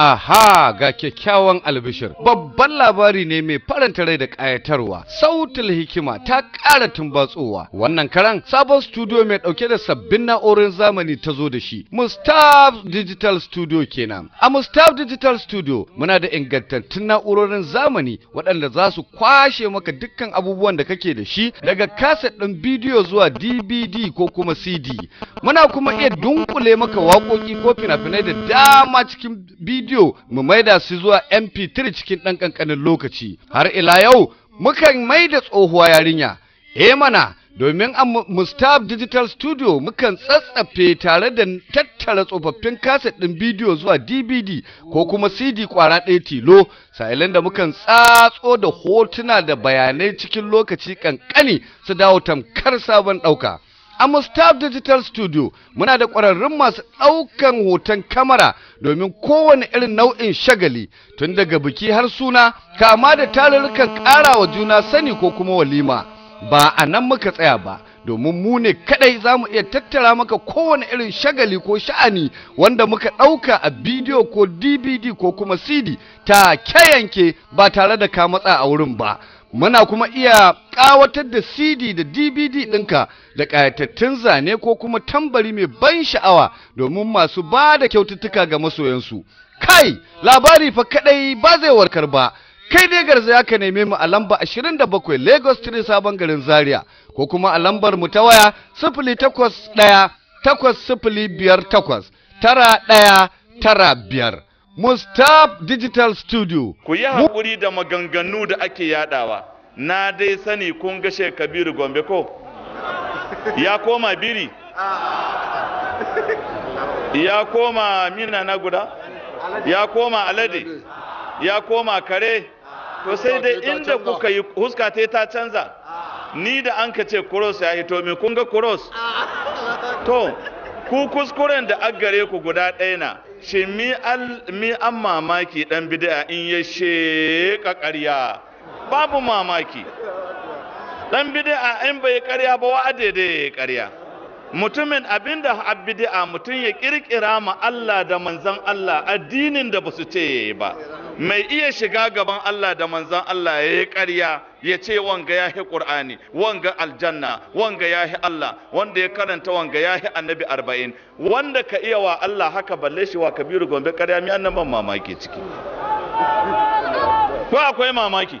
Aha ga kyakkyawan albishir babban labari ne mai faranta rai da ƙayatarwa sautul hikima ta ƙara tumbatsowa wannan karan sabon studio mai ɗauke da sabbin na'urorin zamani ta zo da shi Mustaf Digital Studio kenan a Mustaf Digital Studio muna da ingantattun na'urorin zamani waɗanda za su kwashe maka dukkan abubuwan da kake da shi daga kaset ɗin bidiyo zuwa DVD ko kuma CD muna kuma iya dunkule maka waƙoƙi ko fina-finai da dama cikin bidiyo bidiyo mu maida su zuwa mp3 cikin ɗan ƙanƙanin lokaci har ila yau mukan maida tsohuwa yarinya e mana domin a Mustab Digital Studio mukan tsatsafe tare da tattara tsofaffin kaset ɗin bidiyo zuwa DVD ko kuma CD kwara ɗaya tilo, sa'ilin da mukan tsatso da hotuna da bayanai cikin lokaci ƙanƙani su dawo tamkar sabon ɗauka. a mustaf Digital Studio muna da ƙwararrun masu ɗaukan hoton kamara domin kowane irin nau'in shagali tun daga biki har suna kama da tarurrukan ƙara wa juna sani ko kuma walima ba a nan muka tsaya ba domin mu ne kadai za mu iya tattara maka kowane irin shagali ko sha'ani wanda muka ɗauka a bidiyo ko dvd ko kuma cd ta kyayanke ba tare da ka matsa a wurin ba muna kuma iya ƙawatar da cd da dvd ɗinka da ƙayatattun zane ko kuma tambari mai ban sha'awa domin masu ba da kyaututtuka ga masoyansu kai labari fa kaɗai ba zai warkar ba kai dai ya ka neme mu a lamba 27 lagos tire sabon garin zaria ko kuma a lambar mu ta waya takwas ɗaya, takwas sifili biyar takwas, tara ɗaya tara biyar. Mustab Digital Studio. Ku yi haƙuri da maganganu da ake yadawa. Na dai sani kun ga Kabiru Gombe ko? Ya koma biri? Ya koma mina na guda? Ya koma alade? Ya koma kare? To sai dai inda kuka yi huska ta canza. Ni da an ka ce kuros ya hito me kun ga kuros? To, ku kuskuren da aggare ku guda ɗaya na. shi mi an mamaki ɗan bid'a in ya sheƙa ƙarya babu mamaki ɗan bid'a in bai ƙarya ba wa adede ya ƙarya mutumin abinda abbidi'a mutum ya kirkira ma Allah da manzan Allah addinin da ba su ce ba mai iya shiga gaban Allah da manzan Allah ya yi karya ya ce wanga ya yi ƙur'ani wanga aljanna wanga ya yi Allah wanda ya karanta wanga ya yi annabi arba'in wanda ka iya wa Allah haka balle shi wa kabiru gombe karya mi ban mamaki ciki ko akwai mamaki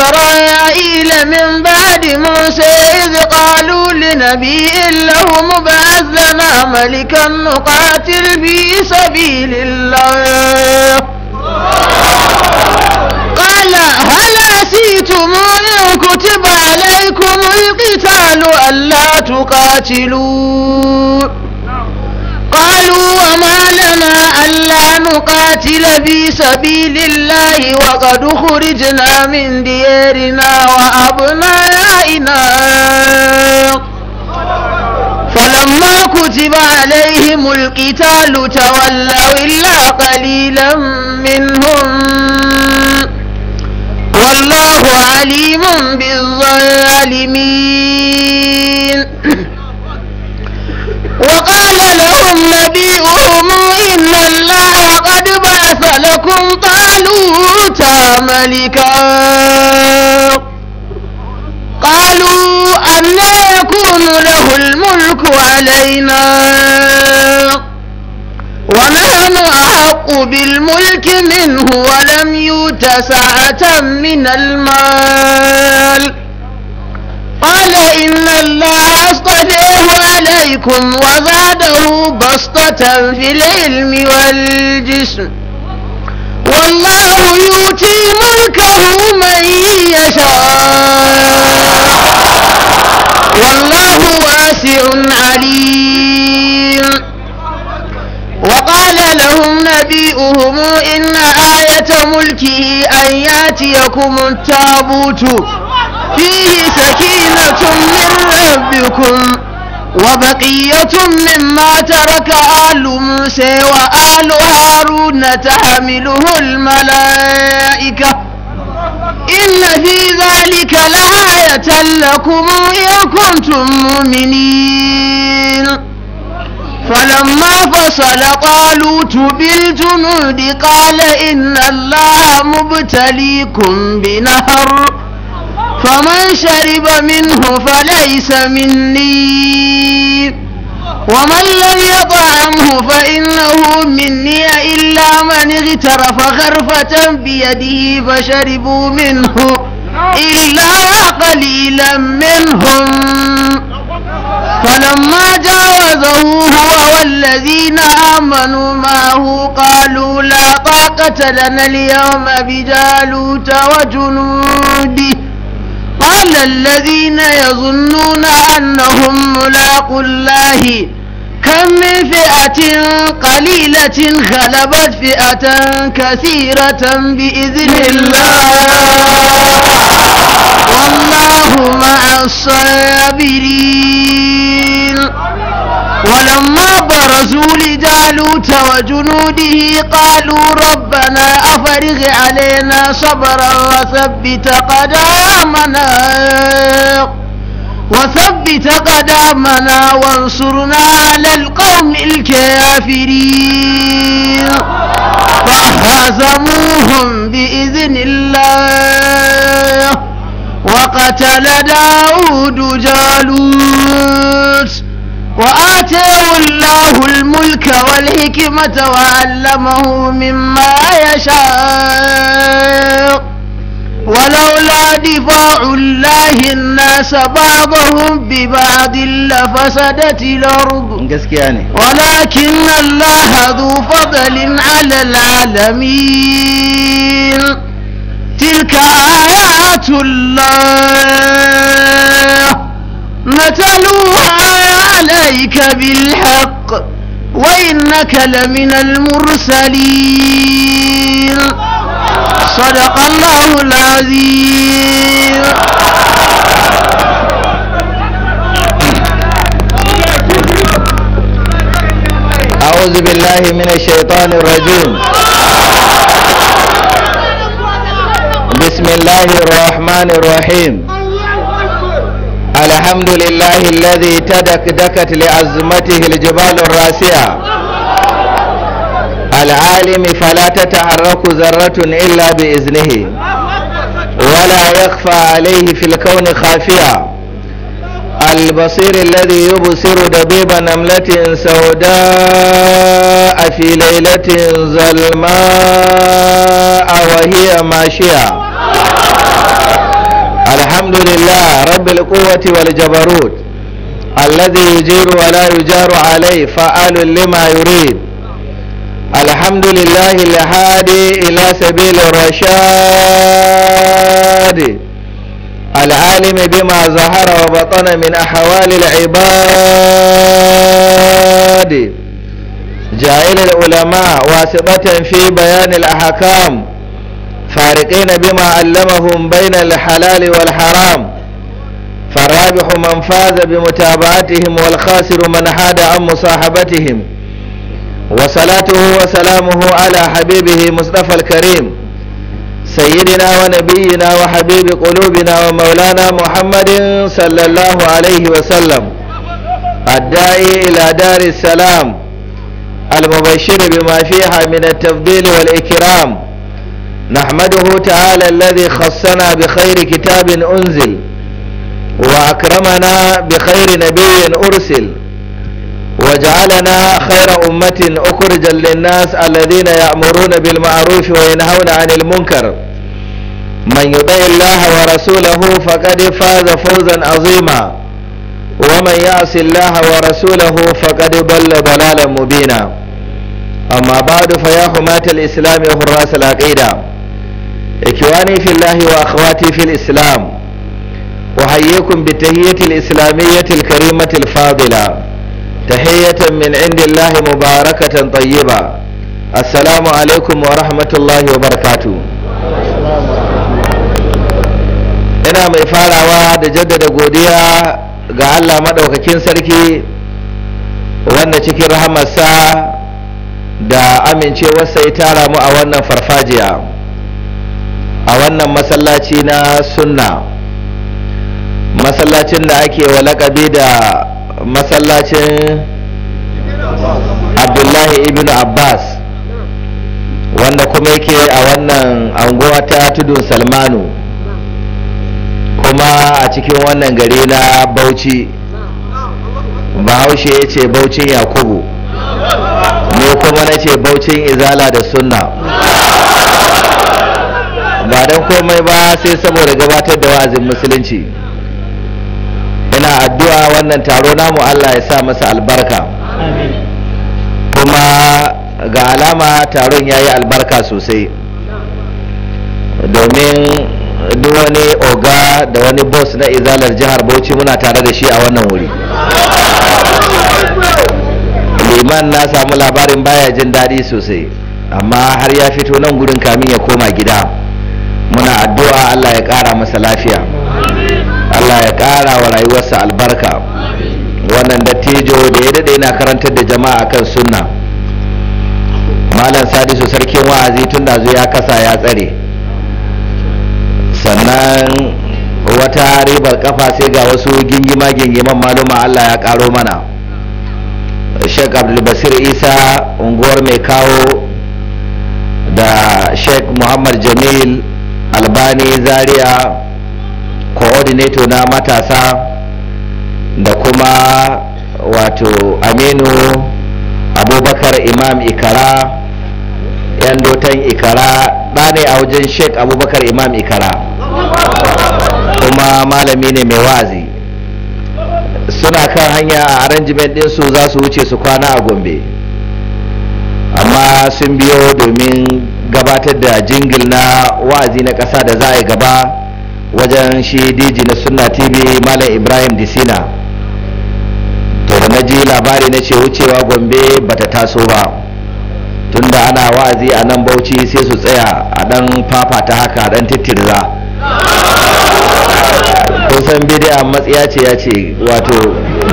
إسرائيل من بعد موسى إذ قالوا لنبي له مبعث لنا ملكا نقاتل في سبيل الله قال هل أسيتم إن كتب عليكم القتال ألا تقاتلون قالوا وما لنا ألا نقاتل في سبيل الله وقد خرجنا من ديارنا وأبنائنا فلما كتب عليهم القتال تولوا إلا قليلا منهم والله عليم بالظالمين لهم نبيهم إن الله قد بعث لكم طالوت ملكا قالوا أنا يكون له الملك علينا ونحن أحق بالملك منه ولم يوت سعة من المال قال إن الله اصطفاه عليكم وزاده بسطة في العلم والجسم والله يؤتي ملكه من يشاء والله واسع عليم وقال لهم نبيهم إن آية ملكه أن ياتيكم التابوت فيه سكينة من ربكم وبقية مما ترك آل موسى وآل هارون تحمله الملائكة إن في ذلك لآية لكم إن كنتم مؤمنين فلما فصل طالوت بالجنود قال إن الله مبتليكم بنهر فمن شرب منه فليس مني ومن لم يطعمه فإنه مني إلا من اغترف غرفة بيده فشربوا منه إلا قليلا منهم فلما جاوزه هو والذين آمنوا معه قالوا لا طاقة لنا اليوم بجالوت وجنوده قال الذين يظنون أنهم ملاقوا الله كم من فئة قليلة غلبت فئة كثيرة بإذن الله والله مع الصابرين ولما رسول جالوت وجنوده قالوا ربنا أفرغ علينا صبرا وثبت قدامنا وثبت قدامنا وانصرنا على القوم الكافرين فهزموهم بإذن الله وقتل داود جالوت وآتاه الله الملك والحكمة وعلمه مما يشاء ولولا دفاع الله الناس بعضهم ببعض لفسدت الأرض يعني؟ ولكن الله ذو فضل على العالمين تلك آيات الله نتلوها عليك بالحق وإنك لمن المرسلين صدق الله العظيم أعوذ بالله من الشيطان الرجيم بسم الله الرحمن الرحيم الحمد لله الذي تدكدكت لعزمته الجبال الراسية العالم فلا تتحرك ذرة إلا بإذنه ولا يخفى عليه في الكون خافية البصير الذي يبصر دبيب نملة سوداء في ليلة ظلماء وهي ماشية الحمد لله رب القوة والجبروت الذي يجير ولا يجار عليه فعال لما يريد الحمد لله الهادي إلى سبيل الرشاد العالم بما ظهر وبطن من أحوال العباد جائل العلماء واسطة في بيان الأحكام فارقين بما علمهم بين الحلال والحرام فالرابح من فاز بمتابعتهم والخاسر من حاد عن مصاحبتهم وصلاته وسلامه على حبيبه مصطفى الكريم سيدنا ونبينا وحبيب قلوبنا ومولانا محمد صلى الله عليه وسلم الداعي إلى دار السلام المبشر بما فيها من التفضيل والإكرام نحمده تعالى الذي خصنا بخير كتاب أنزل وأكرمنا بخير نبي أرسل وجعلنا خير أمة أخرجا للناس الذين يأمرون بالمعروف وينهون عن المنكر من يطع الله ورسوله فقد فاز فوزا عظيما ومن يعص الله ورسوله فقد ضل ضلالا مبينا أما بعد فيا حماة الإسلام وحراس العقيدة إخواني في الله وأخواتي في الإسلام أحييكم بالتهية الإسلامية الكريمة الفاضلة تحية من عند الله مباركة طيبة السلام عليكم ورحمة الله وبركاته ina mai farawa da jaddada godiya ga Allah maɗaukakin sarki wanda cikin rahamarsa da amincewarsa ya tara mu a wannan farfajiya a wannan masallaci na sunna masallacin da ake wa lakabi da masallacin abdullahi ibn abbas wanda kuma yake a wannan anguwa ta tudun salmanu kuma a cikin wannan gari na bauchi bahaushe ya ce baucin yakubu ne kuma na ce baucin izala da sunna ba don komai ba sai saboda gabatar da wa'azin musulunci ina addu'a wannan taro namu allah ya sa masa albarka kuma ga alama taron ya yi albarka sosai domin duk wani oga da wani boss na izalar jihar bauchi muna tare da shi a wannan wuri liman na samu labarin baya jin daɗi sosai amma har ya fito nan gudun kamin ya koma gida muna addu'a Allah ya ƙara masa lafiya Allah ya ƙara wa rayuwarsa albarka wannan dattijo da ya daɗe na karantar da jama'a akan sunna malam sadisu sarkin wa'azi tun da ya kasa ya tsare sannan wata ribar kafa sai ga wasu gingima gingiman maluma Allah ya ƙaro mana sheik abdulbasir isa unguwar mai kawo da sheik muhammad jamil albani zaria coordinator na matasa da kuma wato aminu abubakar imam ikara yan dotan ikara ɗane a wajen sheik abubakar imam ikara kuma malami ne mai wazi suna kan hanya a arrangement ɗinsu za su wuce su kwana a gombe amma sun biyo domin gabatar da jingil na wa'azi na ƙasa da za a yi gaba wajen shi diji na sunna tv malam ibrahim disina to da na ji labari na ce wucewa gombe bata taso ba tunda ana wa'azi a nan bauchi sai su tsaya a dan ta haka dan titirza kusan bidiyan matsiya ce ya ce wato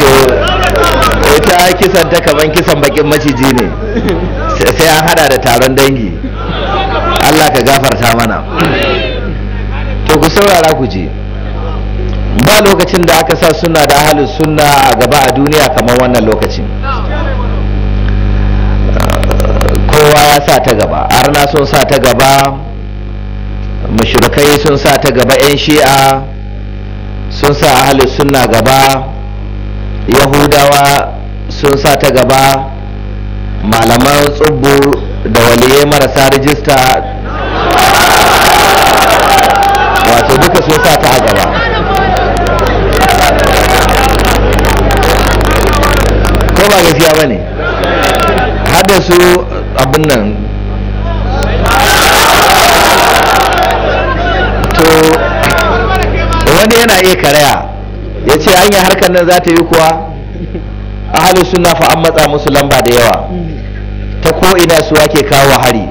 to ita kisan ta kaman kisan bakin maciji ne sai an hada da taron dangi Allah ka gafarta mana to ku saurara ku je ba lokacin da aka sa suna da ahalin sunna a gaba a duniya kamar wannan lokacin kowa ya sa ta gaba arna sun sa ta gaba mashirkai sun sa ta gaba 'yan shi'a sun sa ahalin sunna gaba yahudawa sun sa ta gaba malaman tsubbu da waliyai marasa rijista wato duka sun sa ta a gaba ko ba gaskiya ba ne hada su abin nan to wani yana iya karaya ya ce an yi harkar nan za ta yi kuwa ahalus suna fa an matsa musu lamba da yawa ta ko'ina su ake kawo hari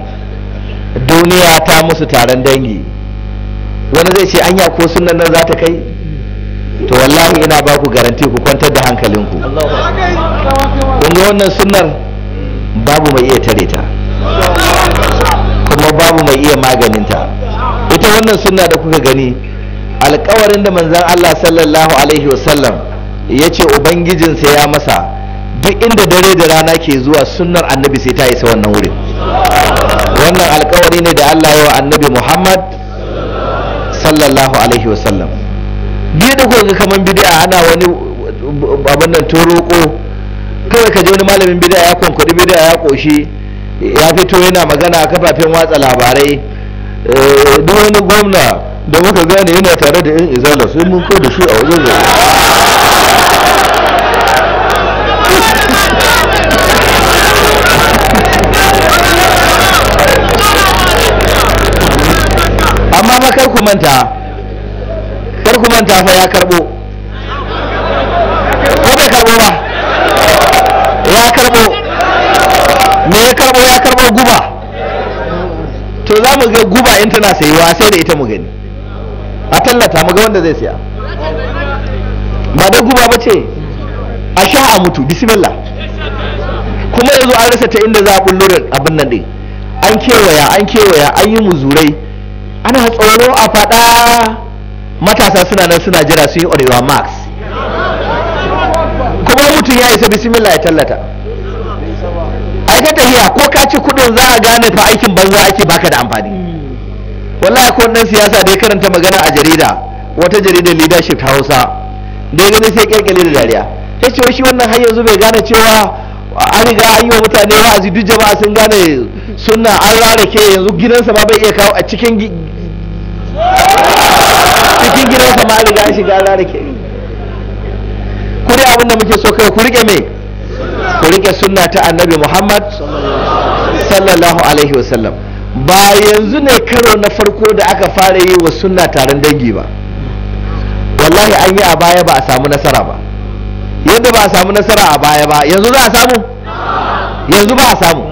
duniya ta musu taron dangi wani zai ce anya ko sunan nan za ta kai to wallahi ina ba ku garanti ku kwantar da hankalinku kun ga wannan sunnar babu mai iya tare ta kuma babu mai iya maganinta ita wannan sunna da kuka gani alkawarin da manzan Allah sallallahu alaihi wasallam ya ce ubangijinsa ya masa duk inda dare da rana ke zuwa sunnar annabi sai ta isa wannan wurin wannan alkawari ne da Allah ya wa annabi Muhammad sallallahu alaihi wasallam biyu da kaman bid'a ana wani abin nan toroko kawai ka ji wani malamin bid'a ya kwankwaɗi bid'a ya ƙoshi ya fito yana magana a kafafen watsa labarai eh, duk wani gwamna da muka gane yana tare da 'yan izana sai mun ko da shi a wajen zai amma ma kar ku manta kar ku manta fa ya karbo ko bai karbo ba ya karbo me ya karbo ya karbo guba to za mu ga guba in tana sayuwa sai da ita mu gani a tallata maga wanda zai siya ba da guba ba ce a sha a mutu bismillah kuma yanzu an rasa ta inda za a bullo da abin nan din an kewaya an kewaya an yi muzurai ana tsoro a faɗa matasa suna nan suna jira sun yi orewa max kuma mutum ya isa bismillah ya tallata ai ta tafiya ko ka ci kudin za a gane fa aikin banza ake baka da amfani wallahi akwai wannan siyasa da ya karanta magana a jarida wata jaridar leadership hausa da ya gani sai kirkire da dariya ya ce shi wannan har yanzu bai gane cewa an riga an yi wa mutane wa'azi duk jama'a sun gane sunna an ke yanzu gidansa ma bai iya kawo a cikin cikin gidansa ma an riga an shiga ke ku ne abin da muke so kai ku rike me ku rike sunna ta annabi muhammad sallallahu alaihi wasallam ba yanzu ne karo na farko da aka fara yi wa suna taron dangi ba wallahi an yi a baya ba a samu nasara ba yadda ba a samu nasara a baya ba yanzu za a samu yanzu ba a samu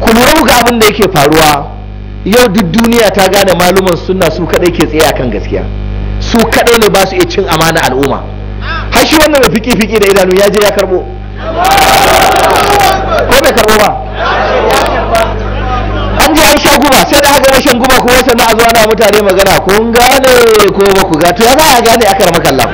ku lura ga abin da yake faruwa yau duk duniya ta gane maluman suna su kadai ke tsaye akan gaskiya su kadai ne ba su iya cin amana al'umma har shi wannan mai fiki fiki da idanu ya je ya karbo ko bai karbo ba guba sai da haka rashin guba kuma sannan a zuwa na mutane magana kun gane ko ba ku ga to ya a gane akar makallam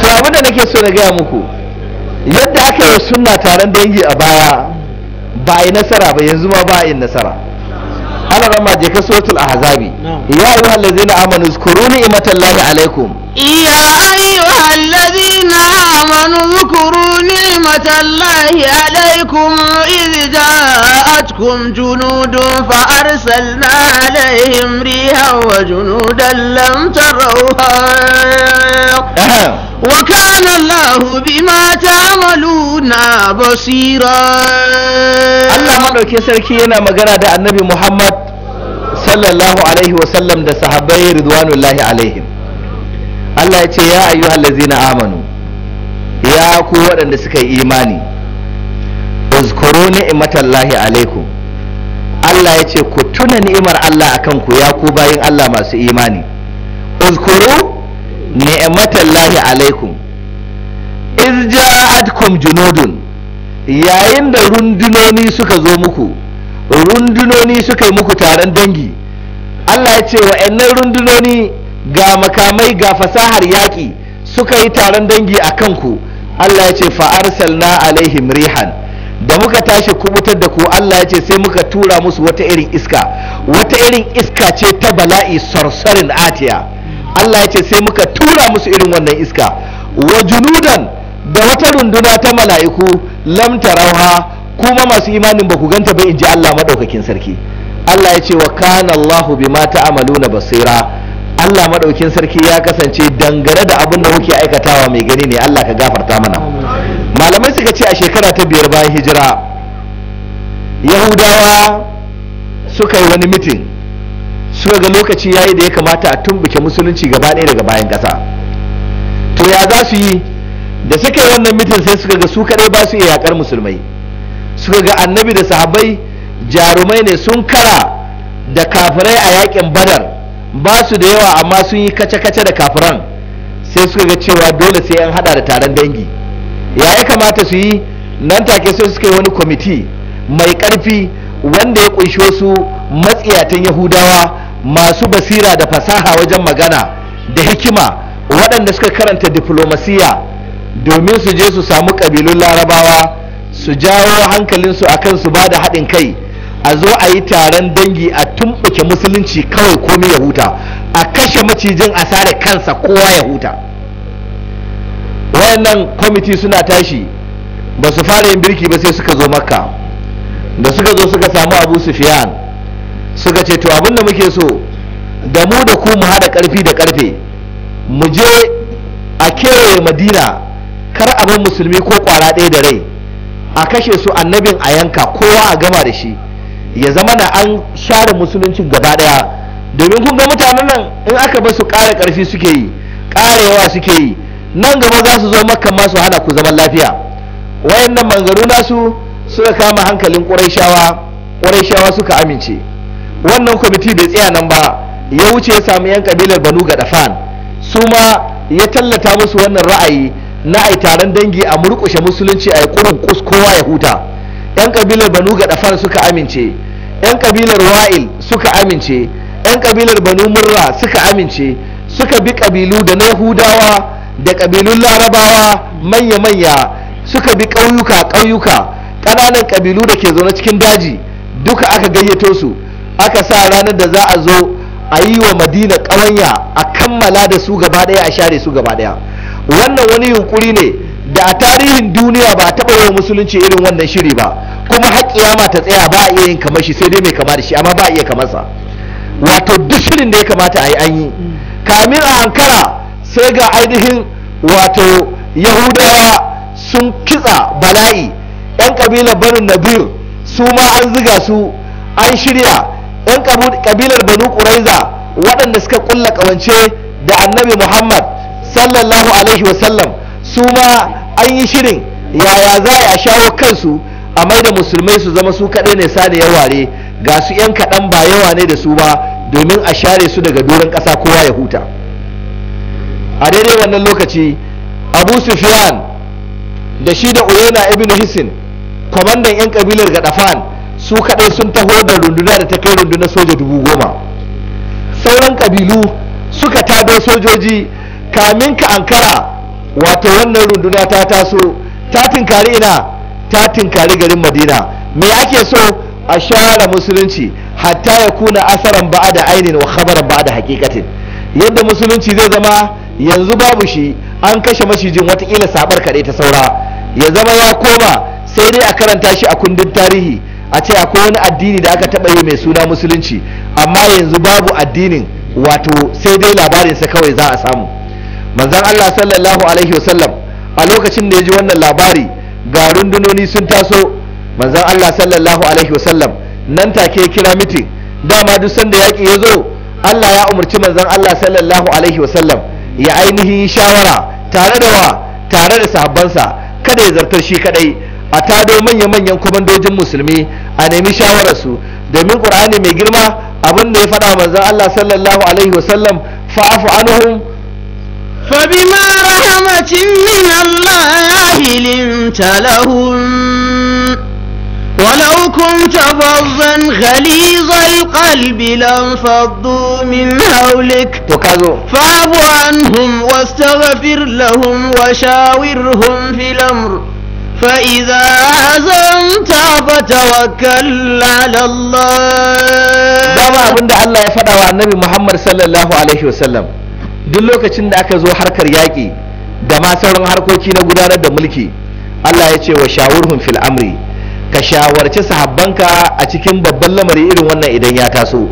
to abin da nake so na gaya muku yadda aka yi sunna taron dangi a baya ba yi nasara ba yanzu ba ba yi nasara ana rama je ka suratul ahzabi ya ayyuhal ladzina amanu zkuru ni'matallahi alaikum ya ayyuhal الذين آمنوا اذكروا نعمة الله عليكم إذ جاءتكم جنود فأرسلنا عليهم ريحا وجنودا لم تروها وكان الله بما تعملون بصيرا الله مدaukin sarki yana magana da annabi Muhammad sallallahu alaihi wasallam da sahabbai ridwanullahi alaihim Allah ya ce ya ayyuhal ladzina amanu ya ku waɗanda suka yi imani uzkuru ni'matallahi alaikum Allah ya ce ku tuna ni'imar Allah akan ku ya ku bayin Allah masu imani uzkuru ni'matallahi alaikum iz ja'atkum junudun yayin da rundunoni suka zo muku rundunoni suka yi muku taron dangi Allah ya ce wa'annan rundunoni ga makamai ga fasahar yaƙi suka yi taron dangi a kanku Allah ya ce fa'arsalna alaihim rihan da muka tashi kubutar da ku Allah ya ce sai muka tura musu wata irin iska wata irin iska ce ta bala'i sarsarin atiya Allah ya ce sai muka tura musu irin wannan iska wa junudan da wata runduna ta mala'iku lamta rawa kuma masu imanin ba ku ganta ba in ji Allah maɗaukakin sarki Allah ya ce wa kana Allahu bima na basira Allah madaukin sarki ya kasance dangane da abin da muke aikatawa mai gani ne Allah ka gafarta mana malamai suka ce a shekara ta biyar bayan hijira yahudawa suka yi wani mitin suka ga lokaci yayi da ya kamata a tumbuke musulunci gaba ɗaya daga bayan ƙasa to ya za su yi da suka yi wannan mitin sai suka ga su kaɗai ba su iya yakar musulmai suka ga annabi da sahabbai jarumai ne sun kara da kafirai a yakin badar ba su da yawa amma sun yi kace-kace da kafiran sai suka ga cewa dole sai an hada da taron dangi ya ya kamata su yi nan take sai suka yi wani kwamiti mai karfi wanda ya kunshi wasu matsiyatan yahudawa masu basira da fasaha wajen magana da hikima waɗanda suka karanta diplomasiya domin su je su samu ƙabilun larabawa su jawo hankalinsu a kan su ba da haɗin kai a zo a yi taron dangi a tumɓuke musulunci kawai komi ya huta a kashe macijin a sare kansa kowa ya huta wayannan kwamiti suna tashi ba su fara yin birki ba sai suka zo makka da suka zo suka samu abu sufiyan suka ce to abinda muke so da mu da ku mu haɗa ƙarfi da ƙarfe mu je a kewaye madina kar a bar musulmi ko ƙwara ɗaya da rai a kashe su annabin a yanka kowa a gama da shi ya zama na an share musulunci gaba daya domin kun ga mutanen nan in aka ba su karfi ƙarfi suke yi ƙarewa suke yi nan gaba za su zo makka ma su hana ku zaman lafiya wayannan manzaru nasu suka kama hankalin ƙurayshawa ƙurayshawa suka amince wannan kwamiti bai tsaya nan ba ya wuce ya samu yan kabilar banu ga dafan su ma ya tallata musu wannan ra'ayi na ai taron dangi a murƙushe musulunci a yi ƙurin kowa ya huta yan kabilar banu ga ɗafar suka amince yan kabilar wa'il suka amince yan kabilar banu murra suka amince suka bi kabilu da na da kabilun larabawa manya-manya suka bi ƙauyuka ƙauyuka ƙananan kabilu da ke zaune cikin daji duka aka gayyato su aka sa ranar da za a zo a yi wa madina ƙawanya a kammala da su gaba ɗaya a share su gaba ɗaya wannan wani yunkuri ne da a tarihin duniya ba a taɓa wa musulunci irin wannan shiri ba kuma har kiyama ta tsaya ba a iya yin kamar shi sai dai mai kama da shi amma ba a iya kamar sa wato duk shirin da ya kamata a yi an yi kamin a ankara sai ga ainihin wato yahudawa sun kitsa bala'i yan kabilar banu nabir su ma an ziga su an shirya yan kabilar banu ƙuraiza waɗanda suka ƙulla ƙawance da annabi muhammad sallallahu alaihi wasallam su ma an yi shirin yaya za a shawo kansu a da musulmai su zama su kaɗai ne saniya ware ga su 'yan kaɗan ba yawa ne da su ba domin a share su daga doron ƙasa kowa ya huta a daidai wannan lokaci abu sufyan da shi da uyona ibn hisin kwamandan 'yan kabilar gaɗafan su kaɗai sun taho da runduna da ta kai rundunar soja dubu goma sauran kabilu suka tado sojoji kamin ka ankara wato wannan runduna ta taso ta tinkari ina ta tinkari garin madina me ake so a share musulunci hatta ya kuna asaran ba'a da ainihin wa khabaran ba'a da hakikatin yadda musulunci zai zama yanzu babu shi an kashe mashijin watakila sabar kaɗai ta saura ya zama ya koma sai dai a karanta shi a kundin tarihi a ce akwai wani addini da aka taɓa yi mai suna musulunci amma yanzu babu addinin wato sai dai labarinsa kawai za a samu manzon allah sallallahu alaihi wasallam a lokacin da ya ji wannan labari ga rundunoni sun taso manzan Allah sallallahu alaihi wasallam nan take kira mitin dama duk sanda yaƙi ya zo Allah ya umarci manzan Allah sallallahu alaihi wasallam ya ainihi shawara tare da wa tare da sahabbansa kada ya zartar shi kadai a tado manya-manyan kwamandojin musulmi a nemi shawararsu domin ƙur'ani mai girma abin da ya faɗa manzan Allah sallallahu alaihi wasallam fa'afu فبما رحمة من الله لنت لهم ولو كنت فظا غليظ القلب لانفضوا من حولك فاعف عنهم واستغفر لهم وشاورهم في الأمر فإذا عزمت فتوكل على الله دابا أبن الله يفدى عن النبي محمد صلى الله عليه وسلم duk lokacin da aka zo harkar yaƙi da ma sauran harkoki na gudanar da mulki Allah ya ce wa shawurhum fil amri ka shawarci sahabbanka a cikin babban lamari irin wannan idan ya taso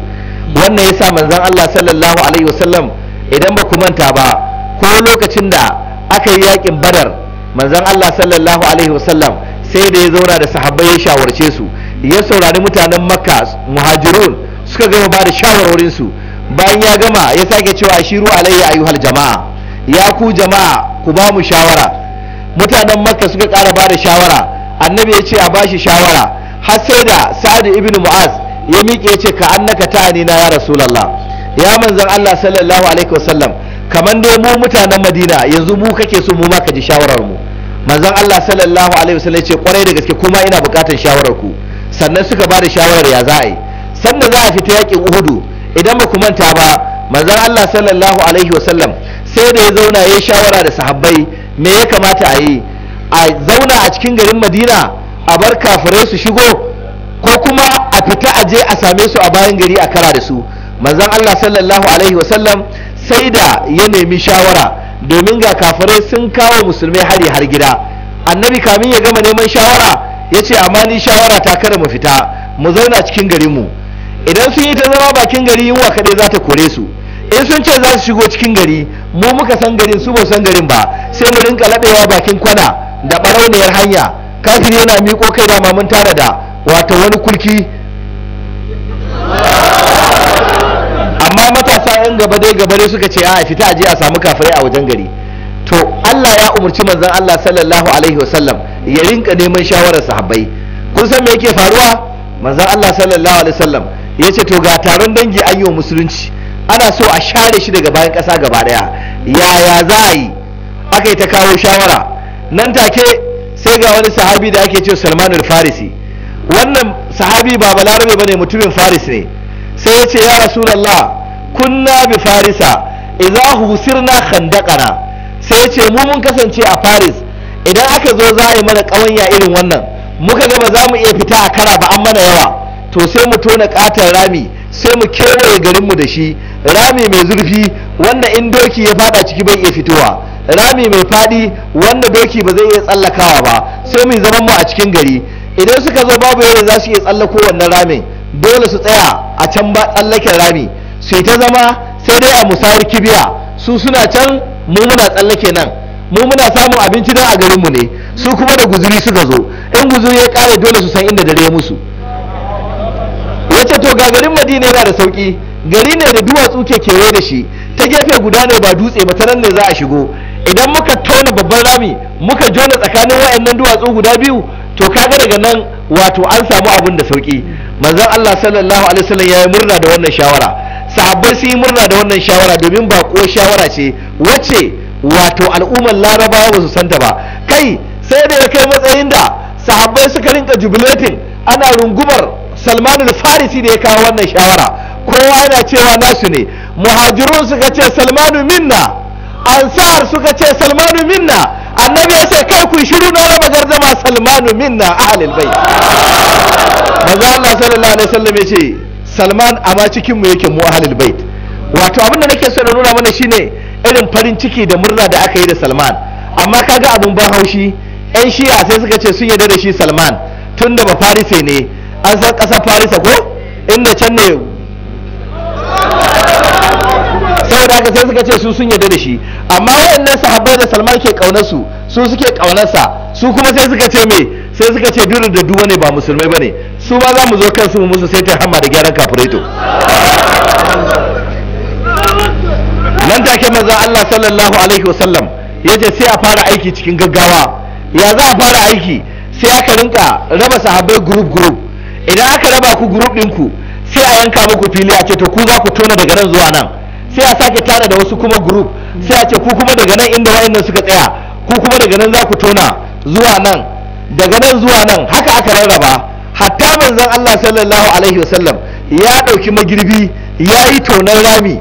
wannan ya sa manzan Allah sallallahu alaihi wasallam idan ba ku manta ba ko lokacin da aka yi yaƙin badar manzon Allah sallallahu alaihi wasallam sai da ya zauna da sahabbai ya shawarce su ya saurari mutanen makka muhajirun suka gama ba da shawarwarinsu su bayan ya gama ya sake cewa shiru alayya ayyuhal jama'a ya ku jama'a ku ba mu shawara mutanen makka suka kara ba da shawara annabi ya ce a ba shi shawara har sai da sa'ad ibn mu'az ya miƙe ce ka annaka ta na ya rasulullah ya manzon Allah sallallahu alaihi wasallam kamar dai mu mutanen Madina yanzu mu kake so mu ma ka ji shawarar mu manzon Allah sallallahu alaihi wasallam ce kwarai da gaske kuma ina bukatar shawarar ku sannan suka ba da shawarar ya za a yi sanda za a fita yakin Uhudu idan ba ku manta ba manzon Allah sallallahu alaihi wasallam sai da ya zauna ya shawara da sahabbai me ya kamata a yi a zauna a cikin garin madina a bar kafirai su shigo ko kuma a fita a je a same su a bayan gari a kara da su manzon Allah sallallahu alaihi wasallam sai da ya nemi shawara domin ga kafirai sun kawo musulmai hari har gida annabi kamin ya gama neman shawara ya ce amma ni shawara ta kada mu fita mu zauna cikin garinmu idan sun yi ta zama bakin gari wa kaɗai za ta kore su in sun ce za su shigo cikin gari mu muka san garin su ba san garin ba sai mu rinka laɗewa bakin kwana da ɓarauniyar hanya kafin yana miko kai dama mun tara da wato wani kulki amma matasa yan gaba dai gaba dai suka ce a fita aje a samu kafirai a wajen gari to Allah ya umarci manzon Allah sallallahu alaihi wasallam ya rinka neman shawarar sahabbai kun san me yake faruwa manzon Allah sallallahu alaihi wasallam ya ce to ga taron dangi ayyo musulunci ana so a share shi daga bayan ƙasa gaba ɗaya yaya za a yi aka yi ta kawo shawara nan take sai ga wani sahabi da ake ce salman farisi wannan sahabi ba balarabe bane mutumin faris ne sai ya ce ya rasulallah kunna bi farisa idza husirna khandaqana sai ya ce mu mun kasance a faris idan aka zo za a yi mana ƙawanya irin wannan muka gaba za mu iya fita a kara ba an mana yawa to sai mu tona katon rami sai mu kewaye garinmu da shi rami mai zurfi wanda in doki ya fada ciki bai iya fitowa rami mai fadi wanda doki ba zai iya tsallakawa ba sai mu zaman mu a cikin gari idan suka zo babu yadda za su iya tsallako wannan ramin dole su tsaya a can ba tsallaken rami sai ta zama sai dai a musayar kibiya su suna can mu muna tsallake nan mu muna samun abinci nan a garinmu ne su kuma da guzuri suka zo in guzuri ya kare dole su san inda dare musu ya ce to ga garin madina yana da sauki gari ne da duwatsu ke kewaye da shi ta gefe guda ne ba dutse ba ta ne za a shigo idan muka tona babban rami muka jona tsakanin wayannan duwatsu guda biyu to kaga daga nan wato an samu abun da sauki manzon Allah sallallahu alaihi wasallam ya murna da wannan shawara sahabbai sun yi murna da wannan shawara domin ba ko shawara ce wacce wato al'ummar larabawa ba su san ta ba kai sai da ya kai matsayin da sahabbai suka rinka jubilating ana rungumar salman farisi da ya kawo wannan shawara kowa yana cewa nasu ne muhajirun suka ce salmanu minna ansar suka ce salmanu minna annabi ya ce kai ku shiru na raba gardama salmanu minna ahlul bait manzo Allah sallallahu alaihi wasallam yace salman a cikin mu yake mu ahlul bait wato abin da nake so na nuna mana shine irin farin ciki da murna da aka yi da salman amma kaga abun ban haushi yan shi'a sai suka ce sun yarda da shi salman tunda ba farise ne an san ƙasar farisa ko inda can ne saboda haka sai suka ce su sun yarda da shi amma waɗannan sahabbai da salman ke ƙaunarsu su suke ƙaunarsa su kuma sai suka ce me sai suka ce duru da duba ne ba musulmai ba ne su ba za mu zo kansu mu musu sai ta hama da gyaran kafureto nan take manzo Allah sallallahu alaihi wasallam yace sai a fara aiki cikin gaggawa ya za a fara aiki sai aka rinka raba sahabbai group group idan aka raba ku group ɗinku sai a yanka muku fili a ce to ku za ku tona daga nan zuwa nan sai a sake tana da wasu kuma group sai a ce ku kuma daga nan inda wayannan suka tsaya ku kuma daga nan za ku tona zuwa nan daga nan zuwa nan haka aka rarraba hatta manzon Allah sallallahu alaihi wasallam ya ɗauki magirbi ya yi tonon rami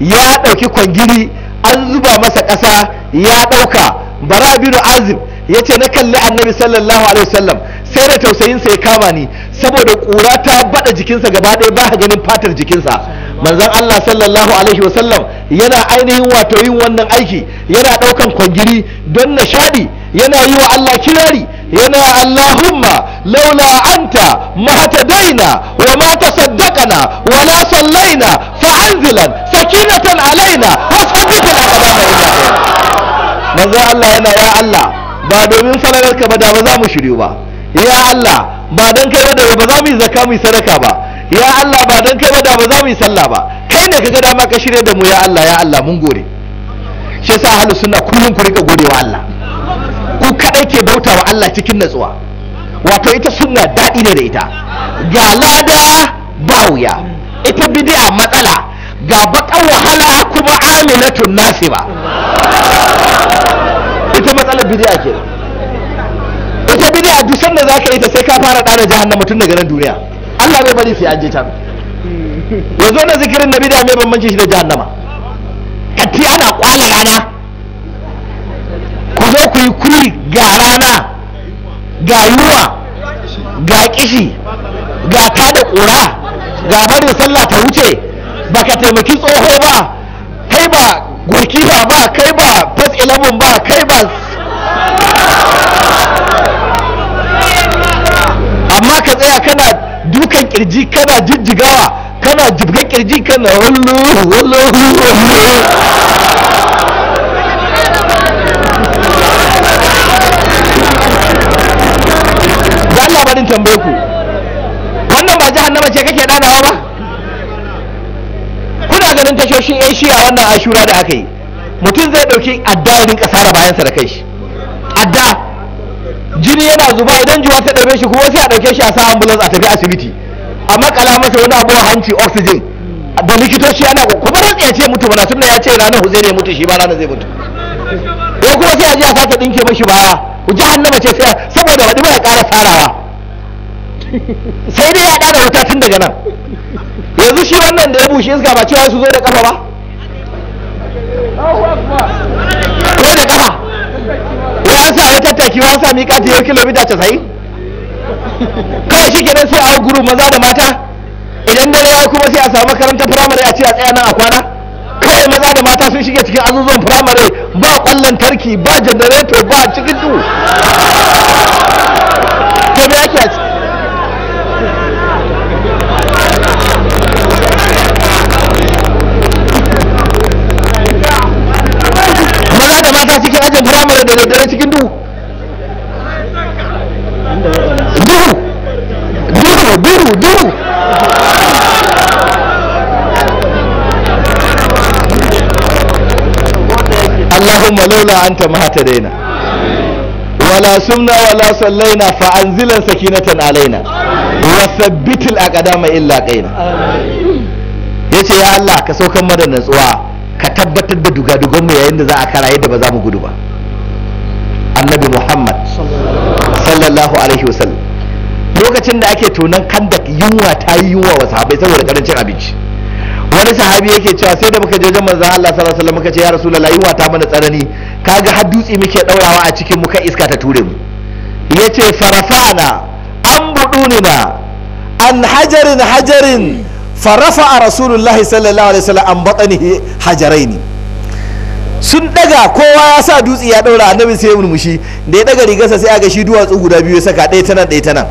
ya ɗauki kwangiri an zuba masa ƙasa ya ɗauka bara bin azib ya ce na kalli annabi sallallahu alaihi wasallam sai da tausayin sa ya kama ni saboda ƙura ta bada jikinsa gaba ɗaya ba ganin fatar jikinsa manzon Allah sallallahu alaihi wasallam yana ainihin wato yin wannan aiki yana ɗaukan kwangiri don nishadi yana yi wa Allah kirari yana Allahumma laula anta mahtadaina wa ma tasaddaqana wa la sallaina fa anzilan sakinatan alaina wa da aqdamana Allah yana ya Allah ba domin falalarka ba da ba za mu shiryu ba ya Allah ba dan kai ba da ba za mu yi zakka mu yi sadaka ba ya Allah ba dan kai ba da ba za mu yi sallah ba kai ne ka ga dama ka shirya da mu ya Allah ya Allah mun gode shi yasa ahlu sunna kullun ku rika godewa Allah ku kadai ke wa Allah cikin natsuwa wato ita sunna daɗi ne da ita ga lada ba wuya ita bid'a matsala ga bakar wahala kuma aminatun nasiba ita matsalar bid'a kenan bid'a duk sanda za ka yi ta sai ka fara ɗana jahannama tun daga nan duniya Allah bai bari sai an je can yanzu wannan zikirin na da mai bambanci shi da jahannama katti ana kwala rana ku zo ku yi kuri ga rana ga yunwa ga kishi ga da ƙura ga barin sallah ta wuce baka taimaki tsoho ba kai ba gurkifa ba kai ba fas 11 ba kai ba amma ka tsaya kana dukan kirji kana jijjigawa kana jibgan kirji kana wallo wallo Allah ba din tambaye ku wannan ba jahannama ce kake danawa ba kuna ganin tashoshin yan shiya wannan ashura da aka yi mutum zai dauki adda ya rinka sara bayansa da kai adda jini yana zuba idan juwa ta ɗabe shi kuma sai a ɗauke shi a sa ambulance a tafi asibiti a makala masa wani abu hanci oxygen da likitoci ana ko kuma ran ya ce mutu bana tunda ya ce ranar hu zai mutu shi ba ranar zai mutu ko eh, kuma sai a je a sake dinke mashi baya jahannama ce sai saboda wadi ba ya ƙara tsarawa sai dai ya ƙara wuta tun daga nan yanzu shi wannan da ya bushe iska ba cewa su zo da kafa ba da sami kati kilomita sai kawai shi kenan sai a hau guru maza da mata idan dare ya kuma sai a samu makarantar firamare a ce a tsaya nan a kwana kawai maza da mata sun shiga cikin azuzuwan firamare ba kwallon tarki ba janareto ba cikin duhu to me ake اللهم لولا أنت ما هتدينا ولا سمنا ولا صلينا فأنزل سكينة علينا وثبت الأقدام إلا قينا yace ya Allah ka saukan mana natsuwa ka tabbatar da dugadugan mu yayin da za a kara yadda ba za mu gudu ba annabi Muhammad sallallahu alaihi wasallam lokacin da ake tonan kandak yunwa ta yi yunwa wa sahabbai saboda karancin abinci wani sahabi yake cewa sai da muka je wajen manzon Allah sallallahu alaihi wasallam muka ce ya rasulullahi yunwa ta mana tsanani kaga har dutse muke daurawa a cikin mu kai iska ta ture mu yace farafana an na an hajarin hajarin farafa a rasulullahi sallallahu alaihi wasallam an batsanihi hajaraini sun daga kowa ya sa dutse ya daura annabi sai ya murmushi da ya daga rigarsa sai ga shi duwatsu guda biyu ya saka ɗaya ta nan ɗaya ta nan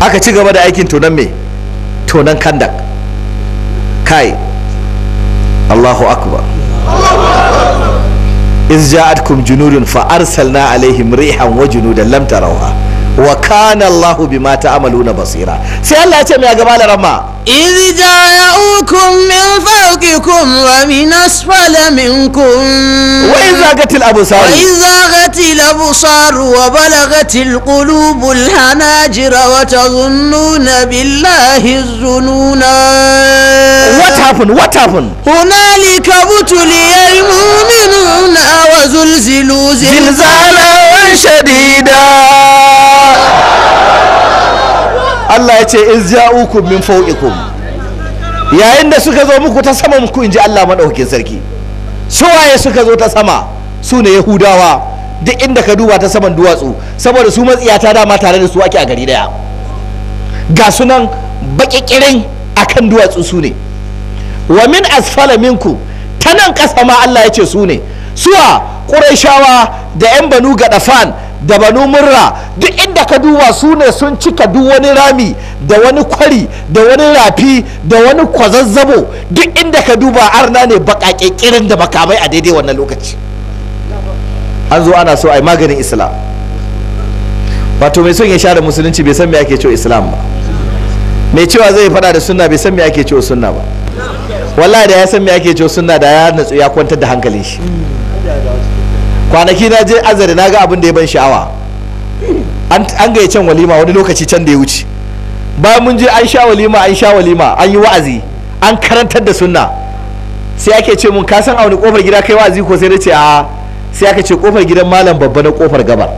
aka ci gaba da aikin tonan me tonan kandak kai Allahu akbar iz ja'atkum junudun fa arsalna alaihim rihan wa junudan lam tarawha wa kana Allahu bima ta'maluna basira sai Allah ya ce mai gaba da rama إذ جاءوكم من فوقكم ومن أسفل منكم وإذ زاغت الأبصار وإذ زاغت الأبصار وبلغت القلوب الحناجر وتظنون بالله الظنونا What happened? What happened? هنالك ابتلي المؤمنون وزلزلوا زلزالا شديدا Allah ya ce iz ja'ukum min fawqikum yayin da suka zo muku ta saman ku inji Allah madaukakin sarki suwaye suka zo ta sama su ne yahudawa duk inda ka duba ta saman duwatsu saboda su matsiyata dama tare da su ake a gari daya ga sunan bakikirin akan duwatsu su ne wa min asfala minku ta nan ƙasa ma Allah ya ce su ne suwa shawa da 'yan banu gadafan da banu murra duk inda ka duba su ne sun cika duk wani rami da wani kwari da wani rafi da wani kwazazzabo duk inda ka duba arna ne baka kirkirin da makamai a daidai wannan lokaci an zo ana so a yi maganin islam wato mai son ya share musulunci bai san me ake cewa islam ba mai cewa zai faɗa da sunna bai san me ake cewa sunna ba wallahi da ya san me ake cewa sunna da ya natsu ya kwantar da hankalin shi kwanaki na je azare na ga abin da ya ban sha'awa an gaya can walima wani lokaci can da ya wuce bayan mun je an sha walima an sha walima an yi wa'azi an karantar da sunna sai ake ce mun kasan a wani kofar gida kai wa'azi ko sai ce a sai aka ce kofar gidan malam babba na kofar gabar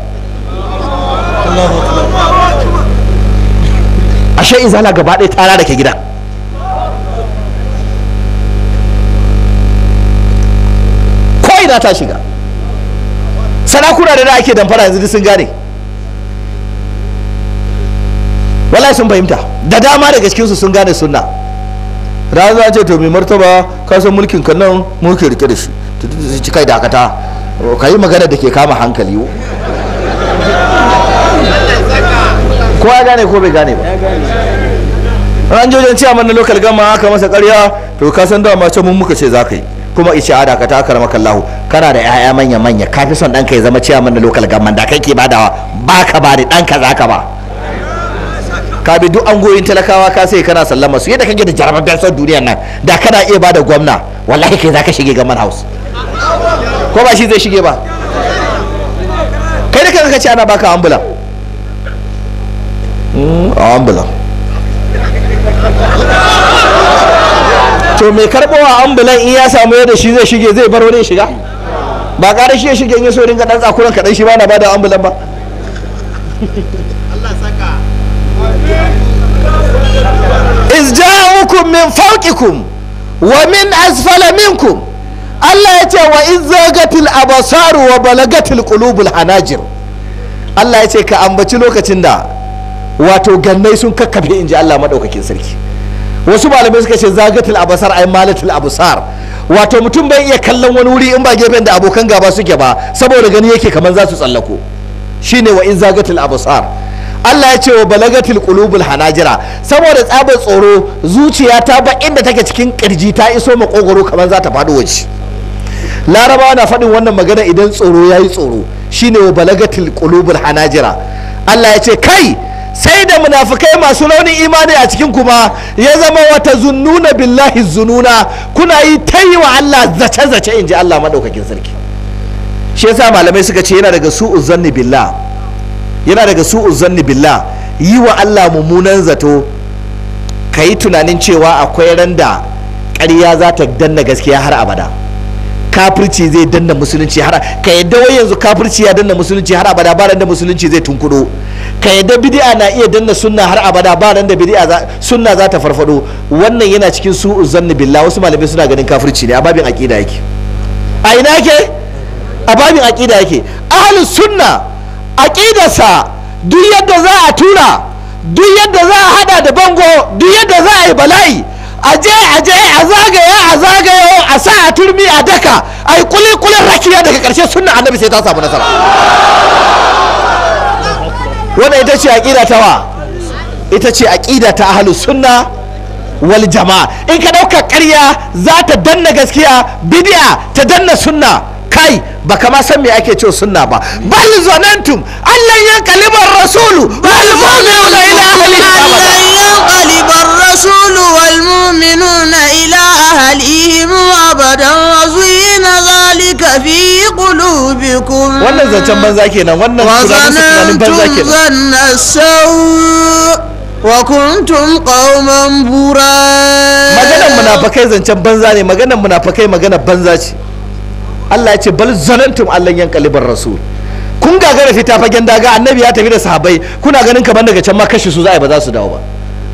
ashe izala gaba ɗaya tara da ke gidan ko ina ta shiga sarakuna da da ake damfara yanzu sun gane wallahi sun fahimta da dama daga su sun gane sunna rana ce to mai martaba ka san mulkin ka nan mulkin rike da shi ci kai dakata ka yi magana da ke kama hankali ko ya gane ko bai gane ba ranjojin ciyaman na lokal gama aka masa karya to ka san dama can mun muka ce za ka yi kuma ice ada ka aka ramaka Allahu kana da ƴaƴa manya manya ka fi son ɗanka ya zama ciyaman na local government da kai ke badawa ba ka ba ni za ka ba ka bi duk angoyin talakawa ka sai kana sallama su yadda kake da jarababben son duniyar nan da kana iya bada gwamna wallahi kai zaka ka shige gaman house ko ba shi zai shige ba kai da kanka ce ana baka ambulan hmm, ambulan to mai karbowa ambulan in ya samu yadda shi zai shige zai bar wani shiga ba ƙara shi ya shige in ya so dinga ɗan tsakuran kaɗan shi ba na bada ambulan ba izja'ukum min fawqikum wa min asfala minkum Allah ya ce wa in izzagatil abasaru wa balagatil qulubul hanajir Allah ya ce ka ambaci lokacin da wato gannai sun kakkafe ji Allah madaukakin sarki wasu malamai suka ce zagatul abasar ai malatul abusar wato mutum bai iya kallon wani wuri in ba gefen da abokan gaba suke ba saboda gani yake kamar za su tsallako shine wa in zagatul abusar Allah ya ce wa Balagatul qulubul hanajira saboda tsabar tsoro zuciya ta ba inda take cikin kirji ta iso makogoro kamar za ta faɗo waje Laraba na faɗin wannan magana idan tsoro yayi tsoro shine wa Balagatul qulubul hanajira Allah ya ce kai sai da munafukai masu launin imani a cikin kuma ya zama wata zununa billahi zununa kuna yi ta yi wa Allah zace zace in ji Allah maɗaukakin sarki shi yasa malamai suka ce yana daga su zanni billah yana daga su billah yi wa Allah mummunan zato ka yi tunanin cewa akwai randa ƙarya za ta danna gaskiya har abada kafirci zai danna musulunci har ka yadda wai yanzu kafirci ya danna musulunci har abada ba da musulunci zai tunkudo ka yadda bid'a na iya danna sunna har abada ba da bid'a sunna za ta farfado wannan yana cikin su zanni billah wasu malamai suna ganin kafirci ne a babin aqida yake a ina yake a babin aqida yake ahlus sunna aqidarsa duk yadda za a tura duk yadda za a hada da bango duk yadda za a yi bala'i aje aje a zagaya a zagaya a sa a turmi a daka a yi kulin kulin rakiya daga karshe sunna annabi sai ta samu nasara wannan ita ce aqida ta wa ita ce aqida ta ahlus sunna wal jama'a in ka dauka ƙarya za ta danna gaskiya bid'a ta danna sunna kai ba kama san me ake cewa sunna ba bal zanantum allan yanqalibar rasulu wal mu'minuna ila ahlihim allan yanqalibar rasulu wal mu'minuna ila ahlihim abadan wa zuyina zalika fi qulubikum wannan zancen banza kenan wannan tunanin banza kenan zanna sau wa kuntum qauman bura maganar munafakai zancen banza ne maganar munafakai maganar banza ce Allah ya ce bal zanantum Allah yan kalibar rasul kun gagara fita fagen daga annabi ya tafi da sahabbai kuna ganin kamar daga can ma kashe su za a ba za su dawo ba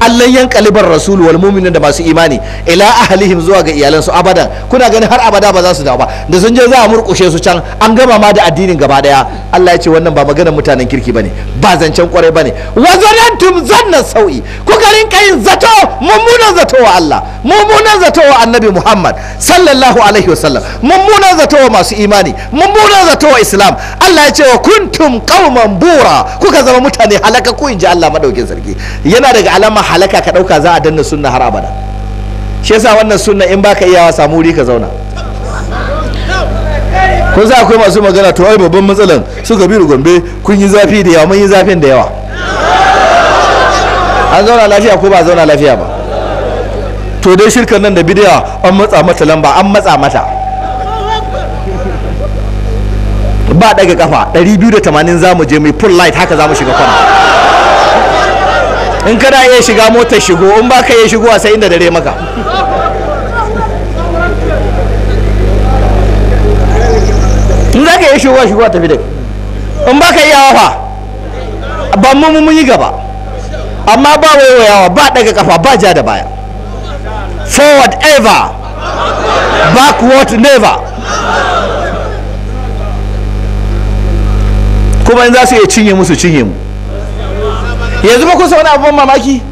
allan yankalibar rasulu wal mu'minin da masu imani ila ahlihim zuwa ga iyalansu abadan kuna ganin har abada ba za su dawo ba da sun je za a murkushe su can an gama ma da addinin gaba daya Allah ya ce wannan ba maganar mutanen kirki bane ba zancen kwarai bane wa zanantum zanna sau'i kuka rinka yin zato mummunan zato wa Allah mummunan zato wa annabi Muhammad sallallahu alaihi wasallam mummunan zato wa masu imani mummunan zato wa islam Allah ya ce wa kuntum qauman bura kuka zama mutane halaka ku inji Allah madaukin sarki yana daga alama halaka ka ɗauka za a danna sunna har abada shi yasa wannan sunna in baka iyawa samu wuri ka zauna kun za akwai masu magana to ai babban matsalan su biro gombe kun yi zafi da yawa mun yi zafin da yawa an zauna lafiya ko ba zauna lafiya ba to dai shirkan nan da bidiya an matsa mata lamba an matsa mata ba daga kafa 280 za mu je mai full light haka za mu shiga kwana in kana iya shiga motar shigo in baka iya shigo a sai inda dare maka in za ka iya shigo shigo a tafi da in baka iya wafa ba mu mun yi gaba amma ba yawa ba daga kafa ba ja da baya forward ever backward never kuma in za su iya cinye musu cinye mu yanzu ba kun san wani abin mamaki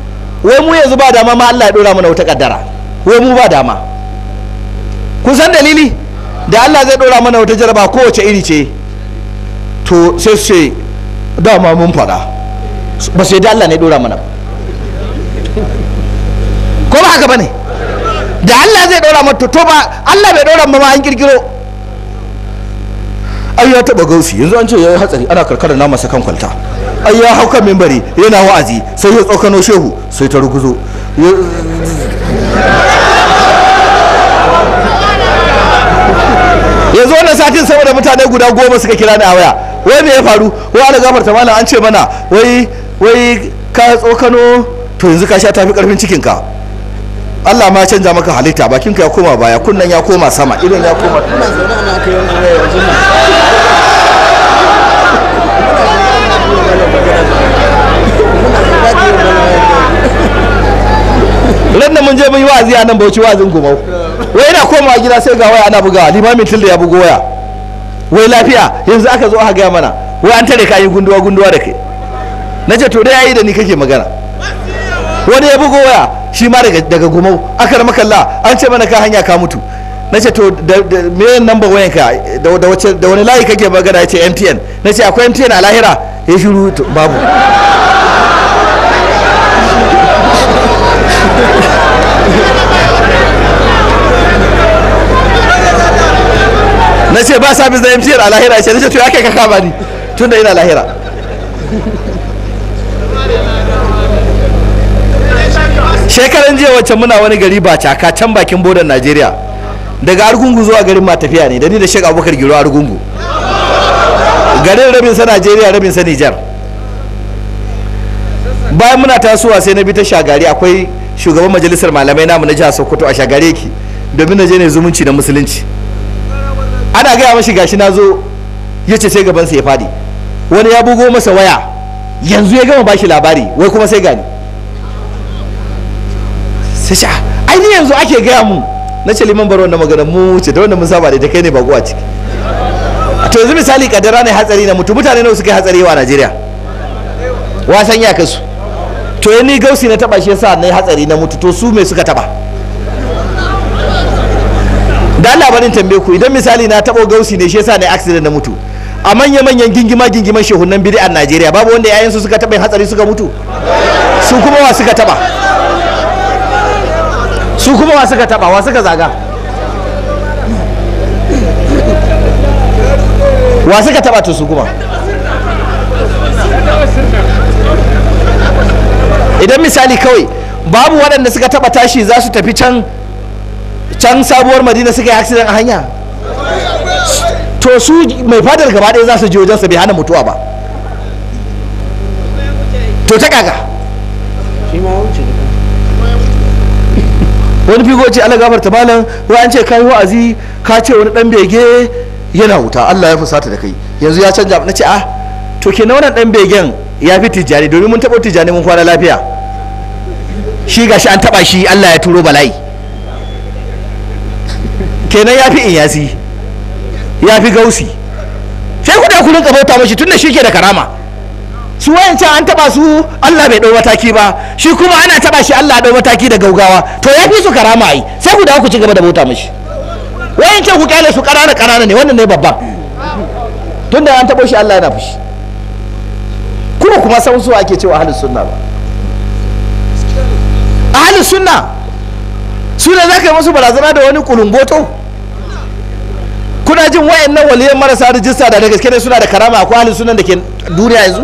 wai mu yanzu ba dama ma Allah ya dora mana wata kaddara wai mu ba dama kun san dalili da Allah zai dora mana wata jaraba kowace iri ce to sai su ce dama mun faɗa ba sai da Allah ne dora mana ko ba haka bane da Allah zai dora mata to ba Allah bai dora ma an kirkiro ai ya taba gausi yanzu an ce ya yi hatsari ana karkara na masa kan kwalta ai ya hauka mimbari yana wa'azi sai ya tsokano shehu sai ta ruguzo yanzu wannan satin saboda mutane guda goma suka kira ni a waya wai me ya faru wai ala gafarta mana an ce mana wai wai ka tsokano to yanzu ka sha tafi karfin cikinka Allah ma canja maka halitta bakinka ya koma baya kunnan ya koma sama idan ya koma ina zaune ana kai wannan waya ran da mun je mun yi wa'azi a nan bauchi wazin gumau wai ina komawa gida sai ga waya ana bugawa limamin tilda ya bugo waya wai lafiya yanzu aka zo aka gaya mana wai an tare ka yi gunduwa gunduwa da kai na ce to dai yayi da ni kake magana wani ya bugo waya shi ma daga gumau akar makalla an ce mana ka hanya ka mutu na ce to me namba ka da wani layi kake magana ya ce mtn na ce akwai mtn a lahira ya shiru babu na ce ba sabis da mtn a lahira ce na ce to ya kai ka kama ni tun da ina lahira shekaran jiya wacce muna wani gari ba caka can bakin bodan najeriya daga argungu zuwa garin matafiya ne da ni da shek abubakar giro argungu garin rabin sa najeriya rabin sa nijar bayan muna tasowa sai na bi ta shagari akwai shugaban majalisar malamai namu na jihar sokoto a shagare ki domin na je ne zumunci na musulunci ana gaya mashi gashi na zo ya ce sai gabansa ya fadi wani ya bugo masa waya yanzu ya gama bashi labari wai kuma sai gani sai sha ah, ni yanzu ake gaya mu na ce liman baro na magana mu ce da wanda mun saba da kai ne ba a ciki to yanzu misali kadara ne hatsari na mutu mutane nawa suka yi hatsari wa Najeriya wasan ya kasu to ya ni gausi na taba shi yasa na yi hatsari na mutu to su me suka taba da labarin tambaye ku idan misali na tabo gausi ne shi yasa na accident na mutu a manya manyan gingima gingiman shehunan a Najeriya babu wanda yayin su suka taba hatsari suka mutu su kuma wa suka taba su kuma wa suka taba wa suka zaga wa suka taba to su kuma idan misali kawai babu waɗanda suka taɓa tashi za su tafi can sabuwar madina suka yi aksidan a hanya to su mai fadar gaba ɗaya za su je bai hana mutuwa ba to ta kaga wani figo ce ala gabar tabalan an ce kai wa'azi ka ce wani dan bege yana wuta Allah ya fusata da kai yanzu ya canja na ce a ah, to kenan wannan dan begen ya fi tijjani domin mun taɓa tijjani mun kwana lafiya shi shi an taba shi Allah ya turo bala'i kenan ya fi yasi ya fi gausi sai ku da ku rinka bauta mashi tunda shi ke da karama su wayancan an taba su Allah bai dau mataki ba shi kuma ana taba shi Allah dau mataki da gaugawa to ya fi su karama ai sai ku da ku ci gaba da bauta mashi wayancan ku kyale su karana karana ne wannan ne babban tunda an tabo shi Allah yana fushi kuma kuma san su ake cewa ahlus sunna ba ahli sunna su ne za ka yi masu barazana da wani kulumboto kuna jin wayannan waliyan marasa rijista da gaske ne suna da karama akwai ahli sunan da ke duniya yanzu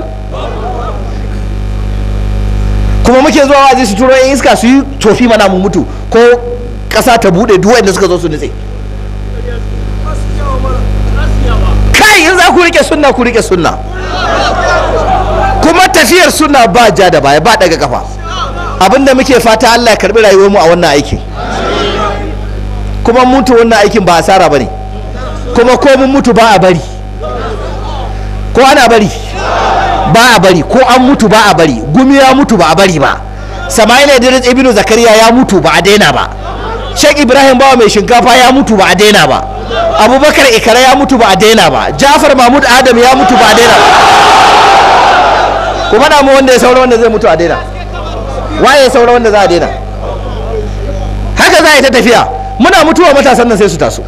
kuma muke zuwa waje su turo iska su yi tofi mana mu mutu ko kasa ta bude duk da suka zo su nitse kai in za ku rike sunna ku rike sunna kuma tafiyar sunna ba ja da baya ba daga kafa abinda muke fata Allah ya karbi rayuwarmu a wannan aikin kuma mutu wannan aikin ba asara bane kuma ko mun mutu ba a bari ko ana bari ba a bari ko an mutu ba a bari gumi ya mutu ba a bari ba sama'ila idris ibnu zakariya ya mutu ba a daina ba shek ibrahim bawa mai shinkafa ya mutu ba a daina ba abubakar ikara ya mutu ba a daina ba jafar mahmud adam ya mutu ba a daina ba kuma na mu wanda ya saura wanda zai mutu a daina waye saura wanda za a daina haka za a yi ta tafiya muna mutuwa matasan nan sai su taso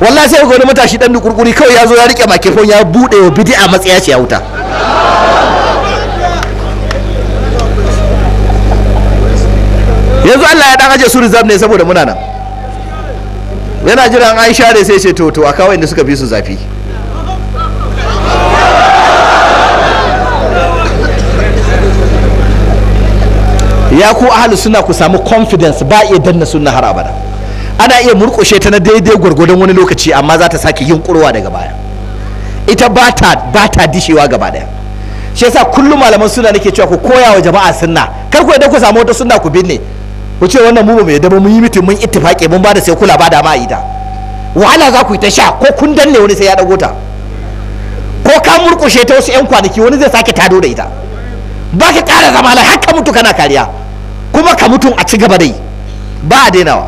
wallahi sai wani matashi dan dukurkuri kawai ya zo ya rike makirfon ya bude wa bid'a matsaya ce ya wuta yanzu Allah ya dan aje su rizab ne saboda muna nan yana jiran Aisha ne sai ce to to a kawai inda suka bi su zafi ya ku ahalu suna ku samu confidence ba iya danna sunna har abada ana iya murƙushe ta na daidai gwargwadon wani lokaci amma za ta sake yin kurwa daga baya ita ba ta ba ta dishewa gaba daya shi yasa kullum malaman sunna nake cewa ku koya wa jama'a sunna kar ku idan ku samu wata sunna ku binne ku ce wannan mu ba mu yadda ba mun yi mitin mun ittifaqi mun ba da sai kula ba da ita wahala za ku yi ta sha ko kun danne wani sai ya dago ta ko ka murƙushe ta wasu 'yan kwanaki wani zai sake tado da ita ba ka ƙara zama haka mutu kana kariya kuma ka mutum a ci gaba dai ba a dainawa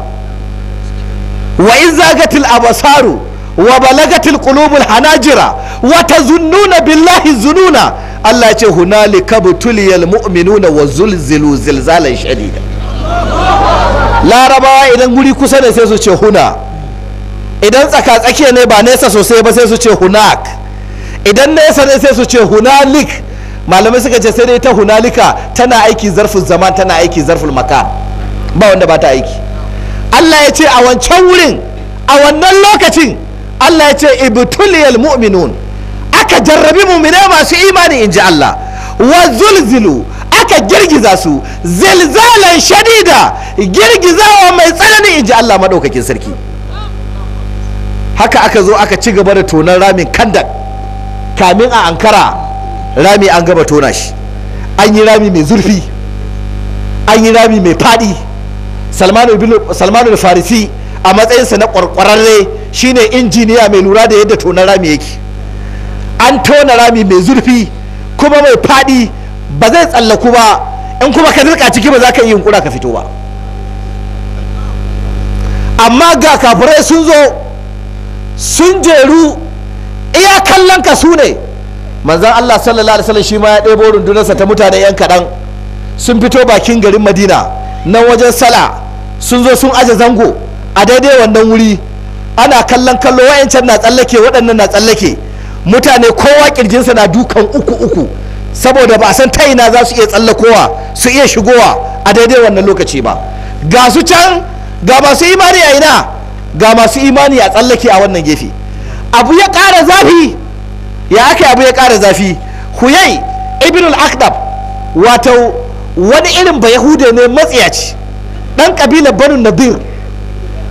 wa in zagatil abasaru wa balagatil qulubul hanajira wa tazunnuna billahi zununa Allah ya ce hunalika butuliyal mu'minuna wa zulzilu zilzalan shadida larabawa idan guri kusa ne sai su ce huna idan tsaka tsakiya ne ba nesa sosai ba sai su ce hunak idan nesa ne sai su ce hunalik malamai suka ce sai dai ta hunalika tana aiki zarfin zaman tana aiki zarfin maka ba wanda ba ta aiki Allah ya ce a wancan wurin a wannan lokacin Allah ya ce ibtuliyal mu'minun aka jarrabi mu'minai masu imani in ji Allah wa zulzilu aka girgiza su zilzalan shadida girgizawa mai tsanani in ji Allah maɗaukakin sarki haka aka zo aka ci gaba da tonan ramin kandak kamin a ankara rami an gaba tona shi an yi rami mai zurfi an yi rami mai faɗi salmanu farisi a matsayinsa na ƙwarƙwararre shine injiniya mai lura da yadda tona rami yake an tona rami mai zurfi kuma mai faɗi ba zai tsallaku ba in kuma ka rika ciki ba za ka yi yunkura ka fito ba amma ga kafirai sun zo sun jeru iya kallon ka su ne manzan Allah sallallahu alaihi wasallam shi ma ya ɗebo rundunarsa ta mutane yan kaɗan sun fito bakin garin Madina nan wajen sala sun zo sun aje zango a daidai wannan wuri ana kallon kallo wayancan na tsallake waɗannan na tsallake mutane kowa sa na dukan uku uku saboda ba a san ta ina za su iya tsallakowa su iya shigowa a daidai wannan lokaci ba ga su can ga masu imani a ina ga masu imani a tsallake a wannan gefe abu ya ƙara zafi ya aka abu ya kara zafi huyai ibn al-aqdab wato wani irin ba yahude ne matsiyaci dan kabilar banu nadir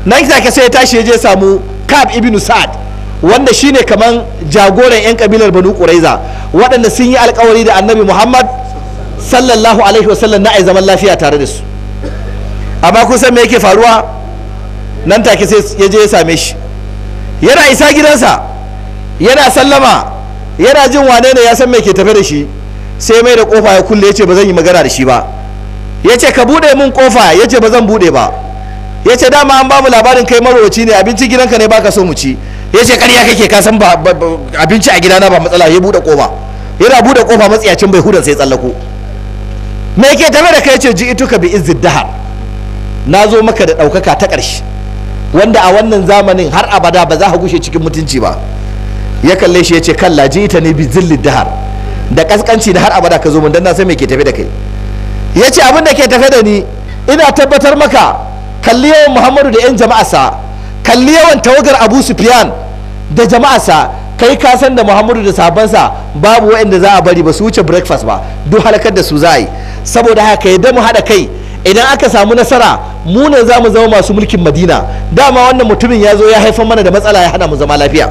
nan take sai ya tashi ya je samu kab ibn sa'ad wanda shine kaman jagoran yan kabilar banu quraiza waɗanda sun yi alkawari da annabi muhammad sallallahu alaihi wasallam na ai zaman lafiya tare da su amma kun san me yake faruwa nan take sai ya je ya same shi yana isa gidansa yana sallama yana jin wane ne ya san mai ke tafe da shi sai mai da kofa ya kulle ya ce ba zan yi magana da shi ba ya ce ka buɗe min kofa ya ce ba zan buɗe ba ya ce dama an bamu labarin kai marowaci ne abinci gidanka ne baka so mu ci ya ce ƙarya kake ka san abinci a gidana ba matsala ya buɗe kofa yana buɗe kofa matsiyacin bai hudan sai tsallako me ke tafe da kai ya ce ji ituka bi iziddaha dahar na zo maka da ɗaukaka ta ƙarshe wanda a wannan zamanin har abada ba za ka gushe cikin mutunci ba ya kalle shi ya ce kalla ji ta ne bi dahar da kaskanci da har abada ka zo mun dan na sai me ke tafe da kai ya ce abin da ke tafe da ni ina tabbatar maka kalli yawan muhammadu da yan jama'arsa kalli yawan tawagar abu sufyan da jama'arsa kai ka san da muhammadu da sabansa babu waɗanda za a bari ba su wuce breakfast ba duk halakar da su za yi saboda haka yadda mu haɗa kai idan aka samu nasara mu ne za mu zama masu mulkin madina dama wannan mutumin ya zo ya haifar mana da matsala ya hana mu zama lafiya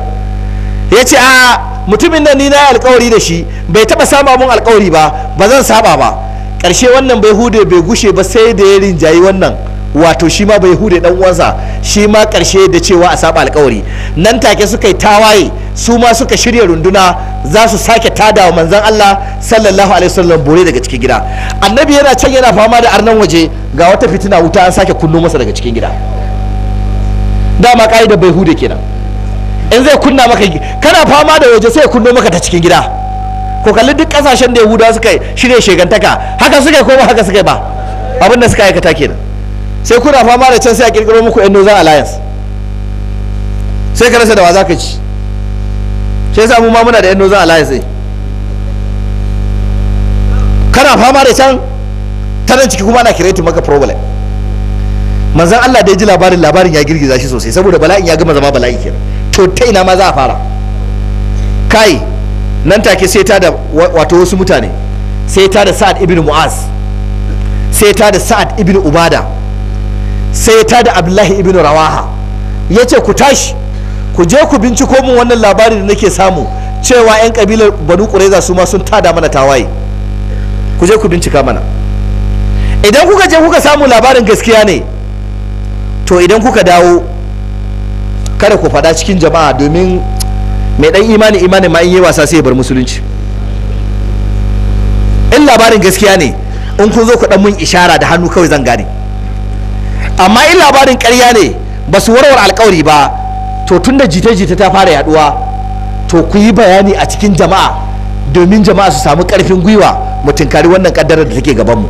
ya ce a mutumin nan ni na yi alkawari da shi bai taba saba mun alkawari ba ba zan saba ba karshe wannan bai hude bai gushe ba sai da ya rinjayi wannan wato shi ma bai hude dan uwansa shi ma karshe da cewa a saba alkawari nan take suka yi tawaye su ma suka shirya runduna za su sake tada wa manzon Allah sallallahu alaihi wasallam bore daga cikin gida annabi yana can yana fama da arnan waje ga wata fitina wuta an sake kunno masa daga cikin gida dama da bai hude kenan in zai kunna maka kana fama da waje sai ya kunno maka ta cikin gida ko kalli duk kasashen da yahudawa suka shirya shegantaka haka suka yi ko ba haka suka yi ba abin da suka aikata kenan sai kuna fama da can sai a kirkiro muku yan nozan alliance sai ka rasa da wa za ka ci sai yasa mu ma muna da yan nozan alliance ne kana fama da can tanan ciki kuma na kiretin maka problem manzan Allah da ya ji labarin labarin ya girgiza shi sosai saboda bala'in ya gama zama bala'i kenan to ta ina ma za a fara kai nan take sai ta da wato wasu mutane sai ta da sa'ad ibn mu'az sai ta da sa'ad ibn ubada sai ta da abdullahi ibn rawaha ya ce ku tashi ku je ku binciko min wannan labari da nake samu cewa 'yan kabilar banu ƙureza su ma sun tada mana tawaye ku je ku bincika mana idan kuka je kuka samu labarin gaskiya ne to idan kuka dawo kada ku faɗa cikin jama'a domin mai ɗan imani imani ma in yi wasa sai bar musulunci in labarin gaskiya ne in kun zo ku ɗan mun ishara da hannu kawai zan gane amma in labarin ƙarya ne ba su warware alkawari ba to tun jita-jita ta fara yaduwa to ku yi bayani a cikin jama'a domin jama'a su samu ƙarfin gwiwa mu tunkari wannan ƙaddarar da take gaban mu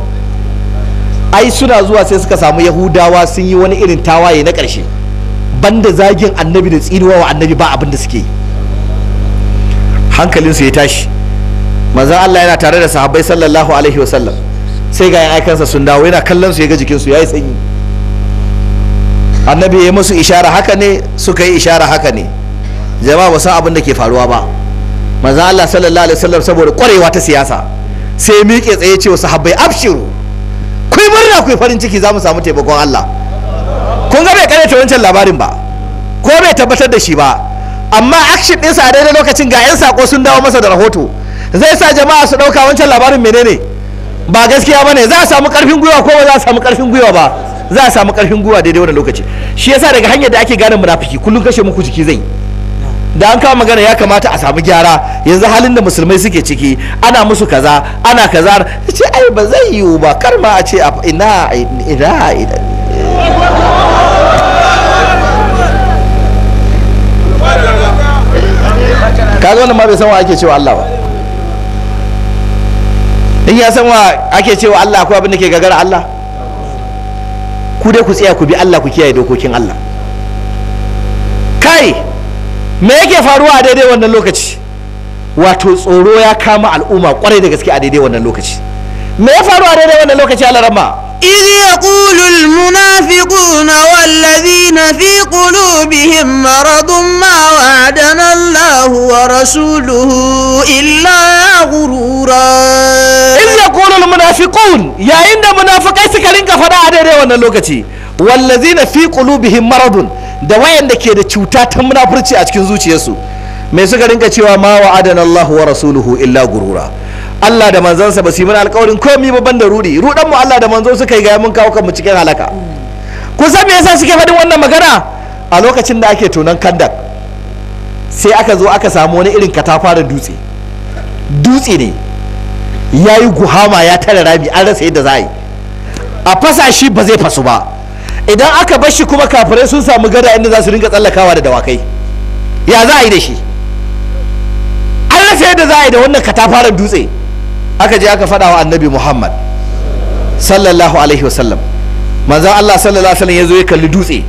ai suna zuwa sai suka samu yahudawa sun yi wani irin tawaye na ƙarshe banda zagin annabi da tsinuwa wa annabi ba abin da suke yi hankalinsu ya tashi Maza Allah yana tare da sahabbai sallallahu alaihi wasallam sai ga yan aikansa sun dawo yana kallon su ya ga jikinsu ya yi tsanyi annabi ya musu ishara haka ne suka yi ishara haka ne jama'a ba san abin da ke faruwa ba Maza Allah sallallahu alaihi wasallam saboda kwarewa ta siyasa sai miƙe tsaye cewa sahabbai abshiru kuyi murna kuyi farin ciki za mu samu taimakon Allah kun ga bai karyata wancan labarin ba ko bai tabbatar da shi ba amma action ɗinsa a daidai lokacin ga 'yan sako sun dawo masa da rahoto zai sa jama'a su ɗauka wancan labarin menene ba gaskiya ba ne za a samu ƙarfin gwiwa ko ba za a samu ƙarfin gwiwa ba za a samu ƙarfin gwiwa daidai wannan lokaci shi yasa daga hanyar da ake gane munafiki kullum kashe muku jiki zai da an kawo magana ya kamata a samu gyara yanzu halin da musulmai suke ciki ana musu kaza ana kaza ce ai ba zai yiwu ba karma ma a ce ina ina ina kaga wannan ma bai san wa ake cewa Allah ba in ya san wa ake cewa Allah akwai abin da ke gagara Allah ku dai ku tsaya ku bi Allah ku kiyaye dokokin Allah kai me yake faruwa a daidai wannan lokaci wato tsoro ya kama al'umma kwarai da gaske a daidai wannan lokaci me ya faru a daidai wannan lokaci Allah ramma idh yaqulu al-munafiquna wallazi الذين في قلوبهم مرض ما وعدنا الله ورسوله إلا غرورا إذ يقول المنافقون يا إن منافقين سكرين كفنا عدد ونلوكتي والذين في قلوبهم مرض da wayanda ke da cuta ta munafurci a cikin zuciyarsu mai suka rinka cewa ma wa'adana Allahu wa rasuluhu illa gurura Allah da manzansa ba su yi mana alƙawarin komai ba banda rudi rudan mu Allah da manzo suka yi ga mun kawo mu cikin halaka Ku san me yasa suke faɗin wannan magana a lokacin da ake tonon kandak sai aka zo aka samu wani irin katafaren dutse dutse ne ya yi guhama ya tara rami an rasa yadda za a yi a fasa shi ba zai fasu ba idan aka bar shi kuma kafirai sun samu gada inda za su ringa tsallakawa da dawakai ya za a yi da shi an rasa yadda za a yi da wannan katafaren dutse aka je aka faɗawa annabi muhammad sallallahu alaihi wasallam Manzan Allah sallallahu alaihi wasallam ya kalli dutse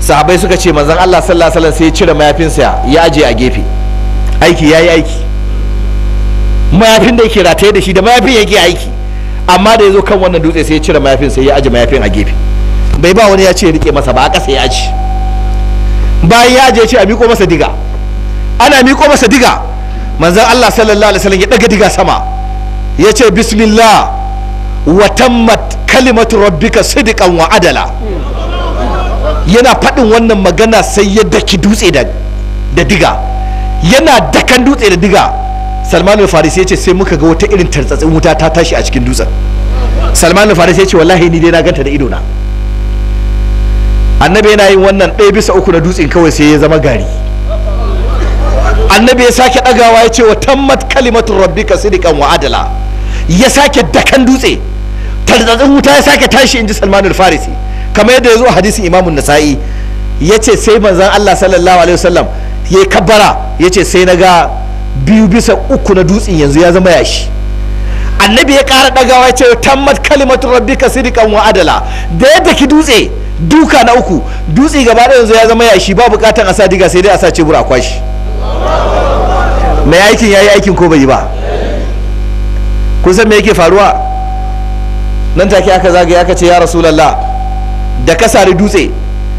sahabbai suka ce manzan Allah sallallahu alaihi wasallam sai ya cire mayafinsa ya aje a gefe aiki yayi aiki mayafin da yake rataye da shi da mayafin yake aiki amma da yazo kan wannan dutse sai ya cire mayafin sai ya aje mayafin a gefe bai ba wani ya ce rike masa ba a ƙasa ya aje bayan ya aje ya ce a miko masa diga ana miko masa diga Manzan Allah sallallahu alaihi wasallam ya daga diga sama ya ce bismillah wa tammat kalimatu rabbika sidiqan wa adala yana faɗin wannan magana sai ya daki dutse da diga yana dakan dutse da diga salman al-farisi ya ce sai muka ga wata irin tartsatsin wuta ta tashi a cikin dutsen salman al-farisi ya ce wallahi ni dai na ganta da ido na annabi yana yin wannan ɗaya bisa uku na dutsen kawai sai ya zama gari annabi ya sake dagawa ya ce wa tammat kalimatu rabbika sidiqan wa adala ya sake dakan dutse tarzatsin wuta ya sake tashi in ji salman farisi kamar yadda ya zo hadisin imamun nasa'i ya ce sai manzan allah sallallahu alaihi wasallam ya yi kabbara ya ce sai na ga biyu bisa uku na dutsen yanzu ya zama yashi annabi ya kara ɗagawa ya ce tammat kalimatu rabbika sidiqan wa adala da yadda ki dutse duka na uku dutse gaba ɗaya yanzu ya zama yashi ba bukatan a sa diga sai dai a sa cebur a kwashi mai aikin ya yi aikin ko bai yi ba kun san me yake faruwa nan take aka zagaya aka ce ya rasulallah da ka sari dutse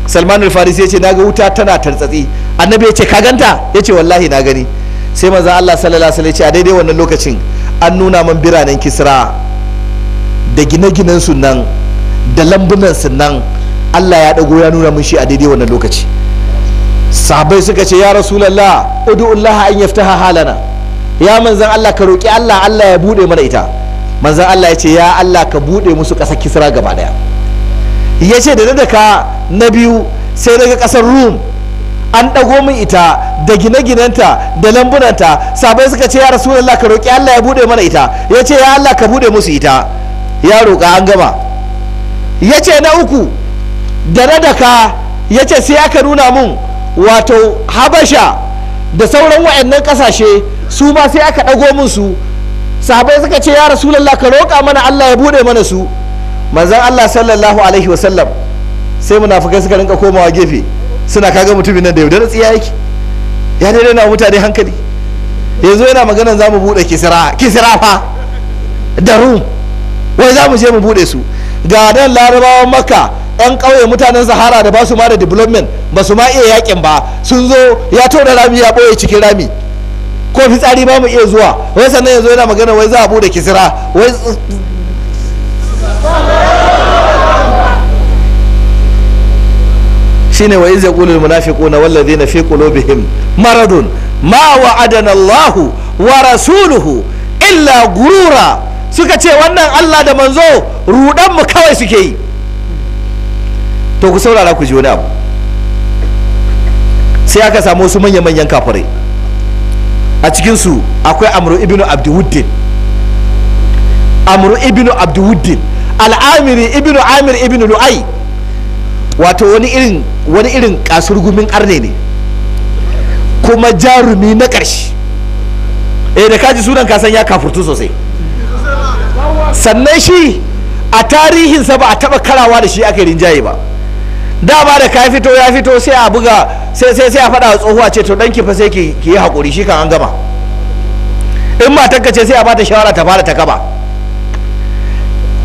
salman al-farisi ya ce naga wuta tana tartsatsi annabi ya ce ka ganta ya ce wallahi na gani sai maza allah sallallahu alaihi ya ce a daidai wannan lokacin an nuna man biranen kisra da gine-ginen su da lambunan su allah ya dago ya nuna mun shi a daidai wannan lokaci sabai suka ce ya rasulallah udu'ullaha an yaftaha halana ya manzan allah ka roki allah allah ya buɗe mana ita manzan Allah ya ce ya Allah ka buɗe musu kasar kisra gaba daya ya ce da daga na biyu sai daga ƙasar rum an ɗago min ita da gine-ginenta da lambunanta sabai suka ce ya rasulullah ka roƙi Allah ya buɗe mana ita ya ce ya Allah ka buɗe musu ita ya roƙa an gama ya ce na uku da na daka ya ce sai aka nuna mun wato habasha da sauran wa'annan ƙasashe su ma sai aka ɗago min su sahabai suka ce ya rasulallah ka roƙa mana Allah ya bude mana su manzon Allah sallallahu alaihi wa sallam sai munafukai suka rinka komawa gefe suna kaga mutumin nan da yaudar tsiya yake ya daidai na mutane hankali yanzu yana magana za mu buɗe kisira kisira fa da rum wai za mu je mu buɗe su ga dan larabawan makka yan ƙauye mutanen sahara da ba su ma da development ba su ma iya yakin ba sun zo ya tona rami ya ɓoye cikin rami ko fitsari ba mu iya zuwa wai sannan yanzu yana magana wai za a bude kisira wai shine wa iz yaqulul munafiquna wal ladina fi qulubihim maradun ma wa'adana Allahu wa rasuluhu illa gurura suka ce wannan Allah da manzo rudan mu kawai suke yi to ku saurara ku ji wani abu sai aka samu wasu manya-manyan kafirai a cikinsu akwai amuru ibnu abdiwuddin amuru ibnu abdiwuddin al'amiri ibnu amir ibnu lu'ai wato wani irin wani irin kasurgumin arne ne kuma jarumi na karshe e eh, da kaji sunan kasan ya kafurtu sosai sannan shi a tarihinsa ba a taba karawa da shi aka rinjaye ba da ba da ka fito ya fito sai a buga sai sai sai a faɗa a tsohuwa ce to ki fa sai ki yi haƙuri shi kan an gama in matarka ce sai a bata shawara ta fara ta kaba.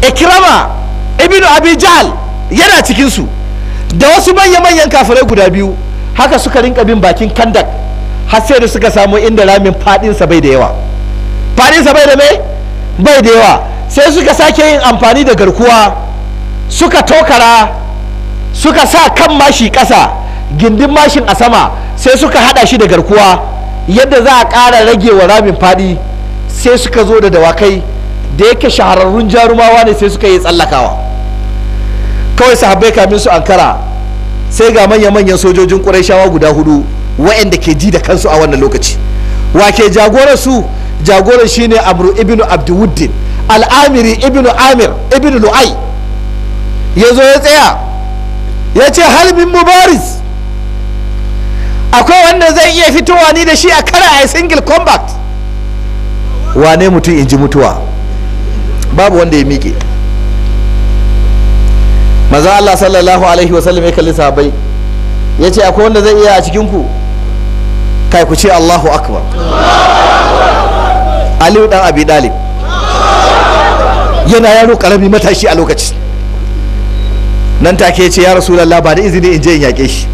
ikrama ibnu abijal yana cikin su da wasu manyan manyan kafirai guda biyu haka suka rinka bin bakin kandak har sai da suka samu inda ramin fadin sa bai da yawa fadin sa bai da mai bai da yawa sai suka sake yin amfani da garkuwa suka tokara suka sa kan mashi ƙasa gindin mashin a sama sai suka hada shi da garkuwa yadda za a ƙara rage wa ramin faɗi sai suka zo da dawakai da yake shahararrun jarumawa ne sai suka yi tsallakawa kawai sahabbai kamin su ankara sai ga manya-manyan sojojin shawa guda hudu wa'anda ke ji da kansu a wannan lokaci wake jagoran su jagoran shi ne amru ibnu abduwuddin al'amiri ibnu amir ibnu lu'ai ya zo ya tsaya ya ce halibin mubaris akwai wanda zai iya fitowa ni da shi a kara a single combat wane mutum in ji mutuwa babu wanda ya miƙe maza Allah sallallahu alaihi wasallam ya kalli sahabai ya ce akwai wanda zai iya a cikinku kai ku ce Allahu akbar Aliyu dan Abi Dalib yana yaro karami matashi a lokaci nan take ce ya rasu rasulullah ba da izini in je in yaƙe shi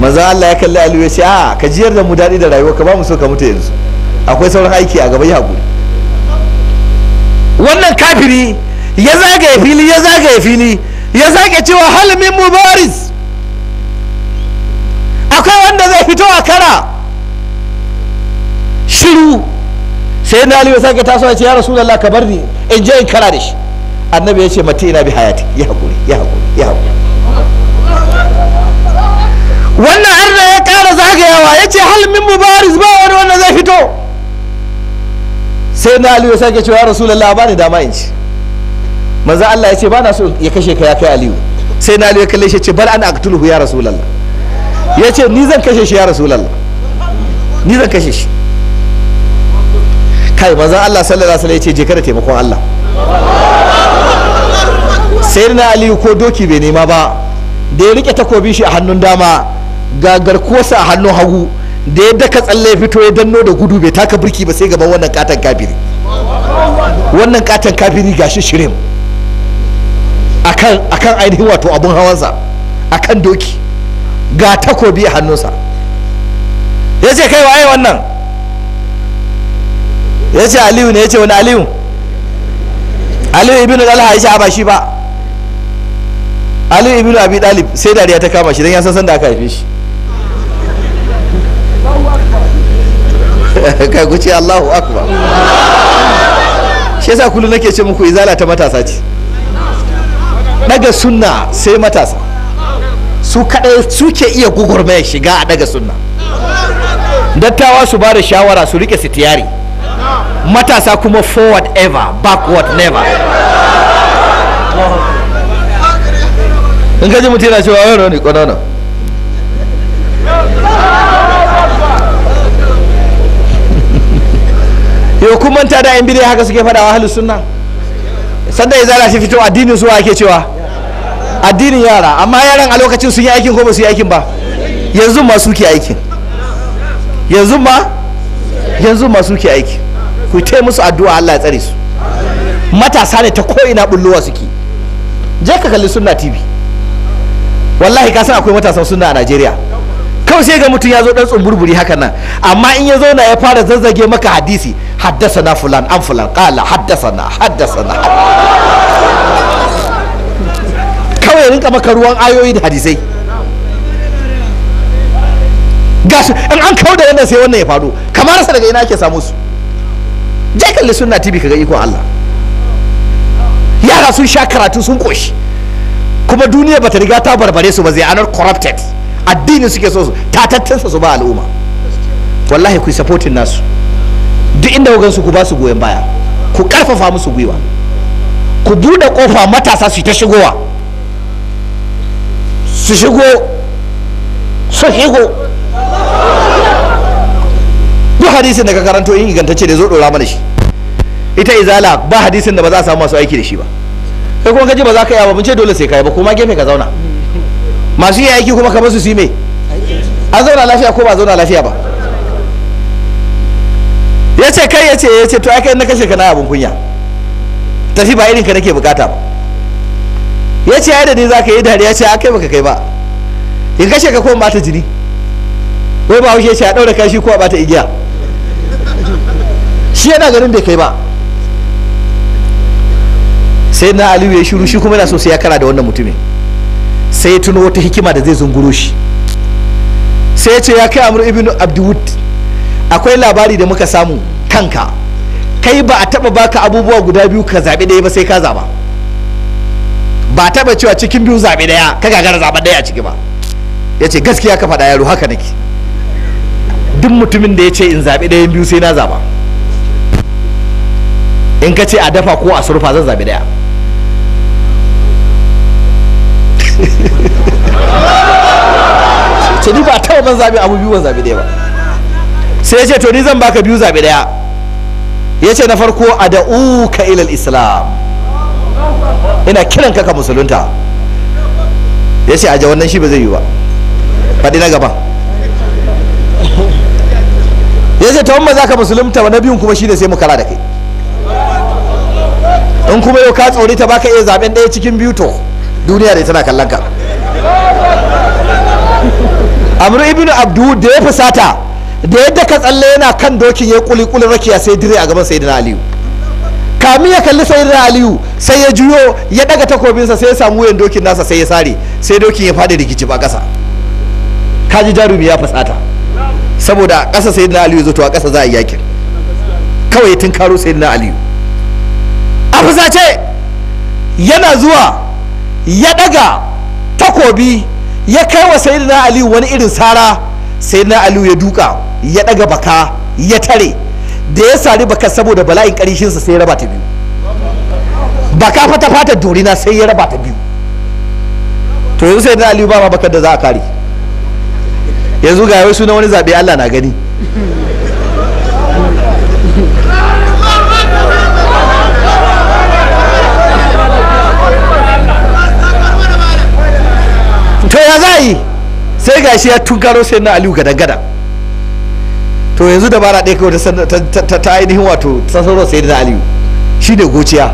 Maza Allah ya kalli Aliyu ya ce a ah, ka jiyar da mu daɗi da rayuwa ka ba mu so ka mutu yanzu akwai sauran aiki a gaba ya haƙuri wannan kafiri ya zagaye fili ya zagaye fili ya zage cewa mu baris. akwai wanda zai fito a kara shiru sai na aliyu sake taso ya ce ya rasu ka bar ni in je in kara da shi annabi ya ce mata ina bi hayati ya hakuri ya hakuri ya hakuri wannan da ya kara zagayawa ya ce min mubariz ba wani wanda zai fito sai na aliyu ya sake cewa rasulallah ba ni dama in ci manzo Allah ya ce ba na so ya kashe ka ya kai aliyu sai na aliyu ya kalle shi ce bar an aqtuluhu ya rasulallah ya ce ni zan kashe shi ya rasulullah ni zan kashe shi kai manzo Allah sallallahu alaihi wasallam ya ce je kada taimakon Allah na aliyu ko doki bai nema ba da ya rike takobi shi a hannun dama ga garkuwarsa a hannun hagu da ya daka tsalle fito ya danno da gudu bai taka birki ba sai gaban wannan katon kafiri wannan katon kafiri gashi shirin a akan ainihin wato abun hawansa akan doki ga takobi a hannunsa ya ce kai waye wannan ya ce aliyu ne ya ce wani aliyu aliyu ibn talha ya ce a ba shi ba ali ibn abi dalib sai dariya ta kama shi don ya san sanda aka haife shi kai ku ce Allahu akbar shi yasa kullum nake ce muku izala ta matasa ce daga sunna sai matasa su kadai suke iya gugurmaya shiga a daga sunna dattawa su ba da shawara su rike sitiyari matasa kuma forward ever backward never in ka ji mutum yana cewa wani rauni ƙanana yau kun manta da yan bidai haka suke faɗa wa ahlus sunna sanda ya zara shi fito addinin su ake cewa addinin yara amma yaran a lokacin sun yi aikin ko ba su yi aikin ba yanzu ma suke aikin yanzu ma yanzu ma suke aiki ku ta musu addu'a Allah ya tsare su matasa ne ta ko ina bullowa suke je ka kalli sunna tv wallahi ka san akwai matasan suna a Najeriya kawai sai ga mutum ya zo dan tsumburburi hakan nan amma in ya zauna ya fara zazzage maka hadisi haddasa na fulan an fulan kala haddasa na haddasa na kawai rinka maka ruwan ayoyi da hadisai gashi in an kawo da wannan sai wannan ya faru kamar sa daga ina ake samu su je kalli sunna tv kaga ikon Allah yara sun sha karatu sun koshi kuma duniya bata riga ta barbare su ba zai anar corrupted addini suke so su ta tattansa su ba al'umma wallahi ku supporting nasu duk inda wagan su ku ba su goyon baya ku karfafa musu gwiwa ku bude kofa matasa su ta shigowa su shigo su shigo duk hadisin da ka karanto in ingantacce da zo dora mana shi ita izala ba hadisin da ba za a samu masu aiki da shi ba kai kuma kaji ba za ka yi ba mun ce dole sai kai ba kuma gefe ka zauna masu yi aiki kuma ka basu su me an zauna lafiya ko ba zauna lafiya ba ya ce kai ya ce ya ce to ai kai na kashe ka na abin kunya tafi ba irin ka nake bukata ba ya ce ai da ni za ka yi dariya ce a kai baka kai ba in kashe ka ko ba ta jini wai ba haushe ce a daura kashi ko ba ta igiya shi yana ganin bai kai ba sai na aliyu ya shiru shi kuma yana so sai ya kara da wannan mutumin sai ya tuno wata hikima da zai zunguro shi sai ya ce ya kai amur ibn abdulwud akwai labari da muka samu kanka kai ba a taba baka abubuwa guda biyu ka zaɓe ɗaya ba sai ka zaɓa ba a taba cewa cikin biyu zaɓe ɗaya ka gagara zaɓa ɗaya a ciki ba ya ce gaskiya ka faɗa yaro haka nake duk mutumin da ya ce in zaɓe ɗayan biyu sai na zaɓa in ka ce a dafa ko a surfa zan zaɓe ɗaya ce ni ba taɓa ban zaɓi abu biyu ban zaɓi ɗaya ba sai ya ce to ni zan baka biyu zaɓi ɗaya ya ce na farko a da uka ilal islam ina kiran ka ka musulunta ya ce aja wannan shi ba zai yi ba faɗi na gaba ya ce ta wamma zaka ka musulunta na biyun kuma shine sai mu kara da kai in kuma yau ka tsori ta baka iya zaɓen ɗaya cikin biyu to duniya da tana kallon ka amru ibnu abdu da ya fusata da yadda ka tsalle yana kan dokin ya kuli kulin rakiya sai dire a gaban sayyidina aliyu kami ya kalli sayyidina aliyu sai ya juyo ya daga takobinsa sai ya samu wuyan dokin nasa sai ya sare sai dokin ya fadi rikici ba kasa kaji jarumi ya fusata saboda a ƙasa sayyidina aliyu zo to a ƙasa za a yi yakin kawai tun karo sayyidina aliyu a fusace yana zuwa ya daga takobi ya kai wa sayyidina Aliyu wani irin sara sayyidina Aliyu ya duka ya daga baka ya tare da ya sari baka saboda bala'in karishinsa sai ya raba ta biyu baka fata fata dorina sai ya raba ta biyu to yanzu sayyidina Aliyu ba ma bakar da za a kare yanzu ga wasu na wani zaɓe Allah na gani ya za yi sai shi ya tunkaro sai na aliyu gada gada to yanzu da bara ɗaya kawai ta ainihin wato ta sauran sai na aliyu shi ne gociya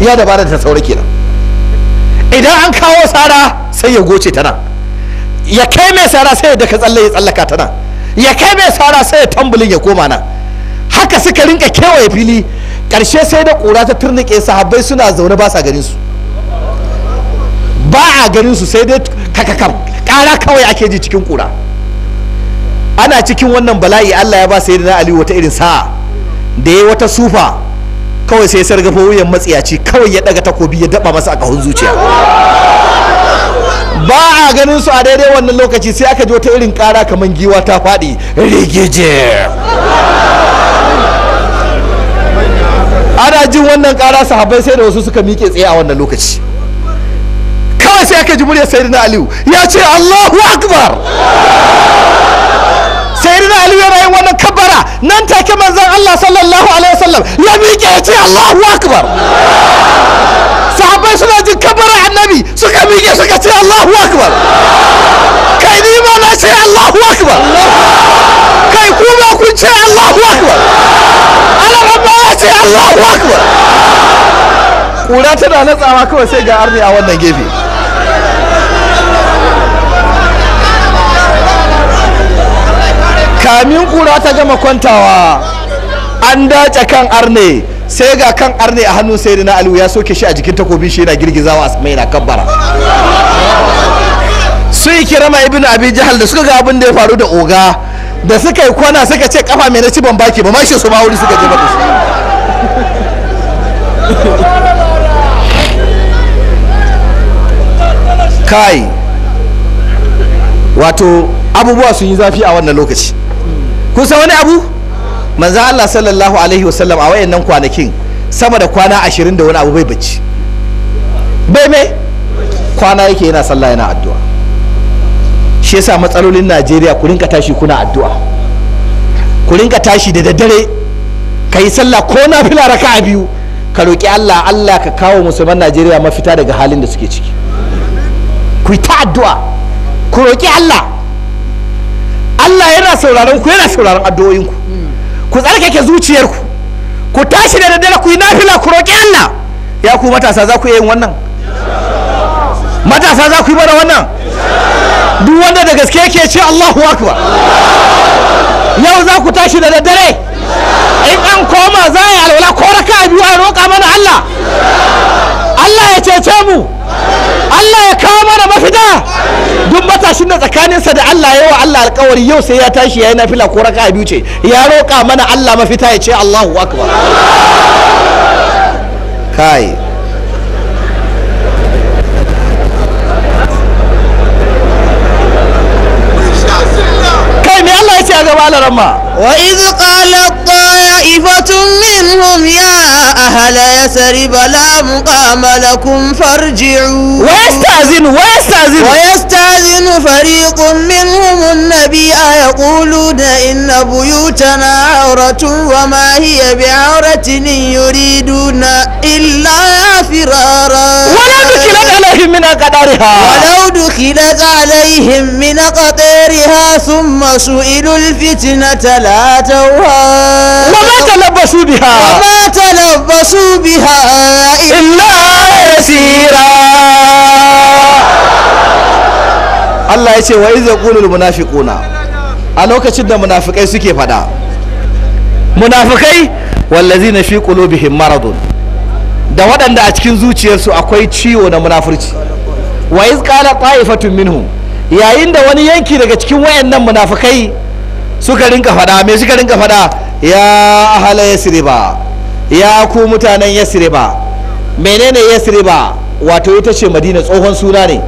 iya da ta saura kenan idan an kawo sara sai ya goce tana ya kai mai sara sai ya daga tsalle ya tsallaka tana ya kai mai sara sai ya tambulin ya koma na haka suka rinka kewaye fili karshe sai da ƙura ta turnike sahabbai suna zaune ba sa ganin su ba a ganin su sai dai kakakam kara kawai ake ji cikin kura ana cikin wannan bala'i Allah ya ba sai da Ali wata irin sa'a da ya wata sufa kawai sai sarga wuyan matsiyaci kawai ya daga takobi ya daba masa a kahun zuciya ba a ganin su a daidai wannan lokaci sai aka ji wata irin kara kamar giwa ta faɗi rigije ana jin wannan kara sahabbai sai da wasu suka miƙe tsaye a wannan lokaci sai aka ji muryar sayyidina aliyu ya ce allahu akbar sayyidina aliyu yana yin wannan kabbara nan take manzon allah sallallahu alaihi wasallam ya miƙe ya ce allahu akbar sahabbai suna jin kabbara annabi suka miƙe suka ce allahu akbar kai ni ma na ce allahu akbar kai ku ma kun ce allahu akbar alarabba ya ce allahu akbar ƙura tana natsawa kawai sai ga arni a wannan gefe kamin kura ta gama kwantawa an dace kan arne sai ga kan arne a hannun sai na aliyu ya soke shi a jikin takobi shi yana girgizawa asma na kabbara su kirama ibn abi jahal da suka ga abin da ya faru da oga da suka yi kwana suka ce kafa mai na ci ban baki ba ma shi su ma wuri suka je ba su kai wato abubuwa sun yi zafi a wannan lokaci Kun san wani abu manzo Allah sallallahu alaihi wasallam a wayannan kwanakin sama da kwana ashirin da wani abu bai bacci bai me kwana yake yana sallah yana addu'a shi yasa matsalolin Najeriya ku rinka tashi kuna addu'a ku rinka tashi da daddare ka sallah ko na fila raka'a biyu ka roki Allah Allah ka kawo musulman Najeriya mafita daga halin da suke ciki ku yi ta addu'a ku roki Allah Allah yana sauraron ku yana sauraron addu'o'in ku ku tsarkake zuciyar ku ku tashi da daddare ku yi nafila ku roƙi Allah ya ku matasa za ku yi wannan matasa za ku yi bara wannan duk wanda da gaske yake ce Allahu akbar yau za ku tashi da daddare in an koma za a yi alwala ko raka biyu a roƙa mana Allah Allah ya cece mu Allah ya kawo mana mafita duk matashin da tsakaninsa da Allah yawa Allah alkawari yau sai ya tashi ya yi fila ko raka biyu ce ya roƙa mana Allah mafita ya ce Allahu akbar kai kai me Allah ya ce a gaba alaramma وإذ قالت طائفة منهم يا أهل يسرب لا مقام لكم فارجعوا ويستأذن ويستأذن ويستأذن فريق منهم النبي يقولون إن بيوتنا عورة وما هي بعورة يريدون إلا فرارا ولو دخلت عليهم من قدرها ولو دخلت عليهم من قدرها ثم سئلوا الفتنة ولا توها وما biha, بها وما تلبسوا biha, illa يسيرا Allah ya ce wa iza qulul munafiquna a lokacin da munafikai suke fada munafikai wallazina fi qulubihim maradun da waɗanda a cikin zuciyarsu akwai ciwo na munafurci wa iz qala ta'ifatun minhum yayin da wani yanki daga cikin wayannan munafikai suka rinka fada me suka rinka fada ya ahala yasriba ya ku mutanen yasriba menene yasriba wato ita ce madina tsohon suna ne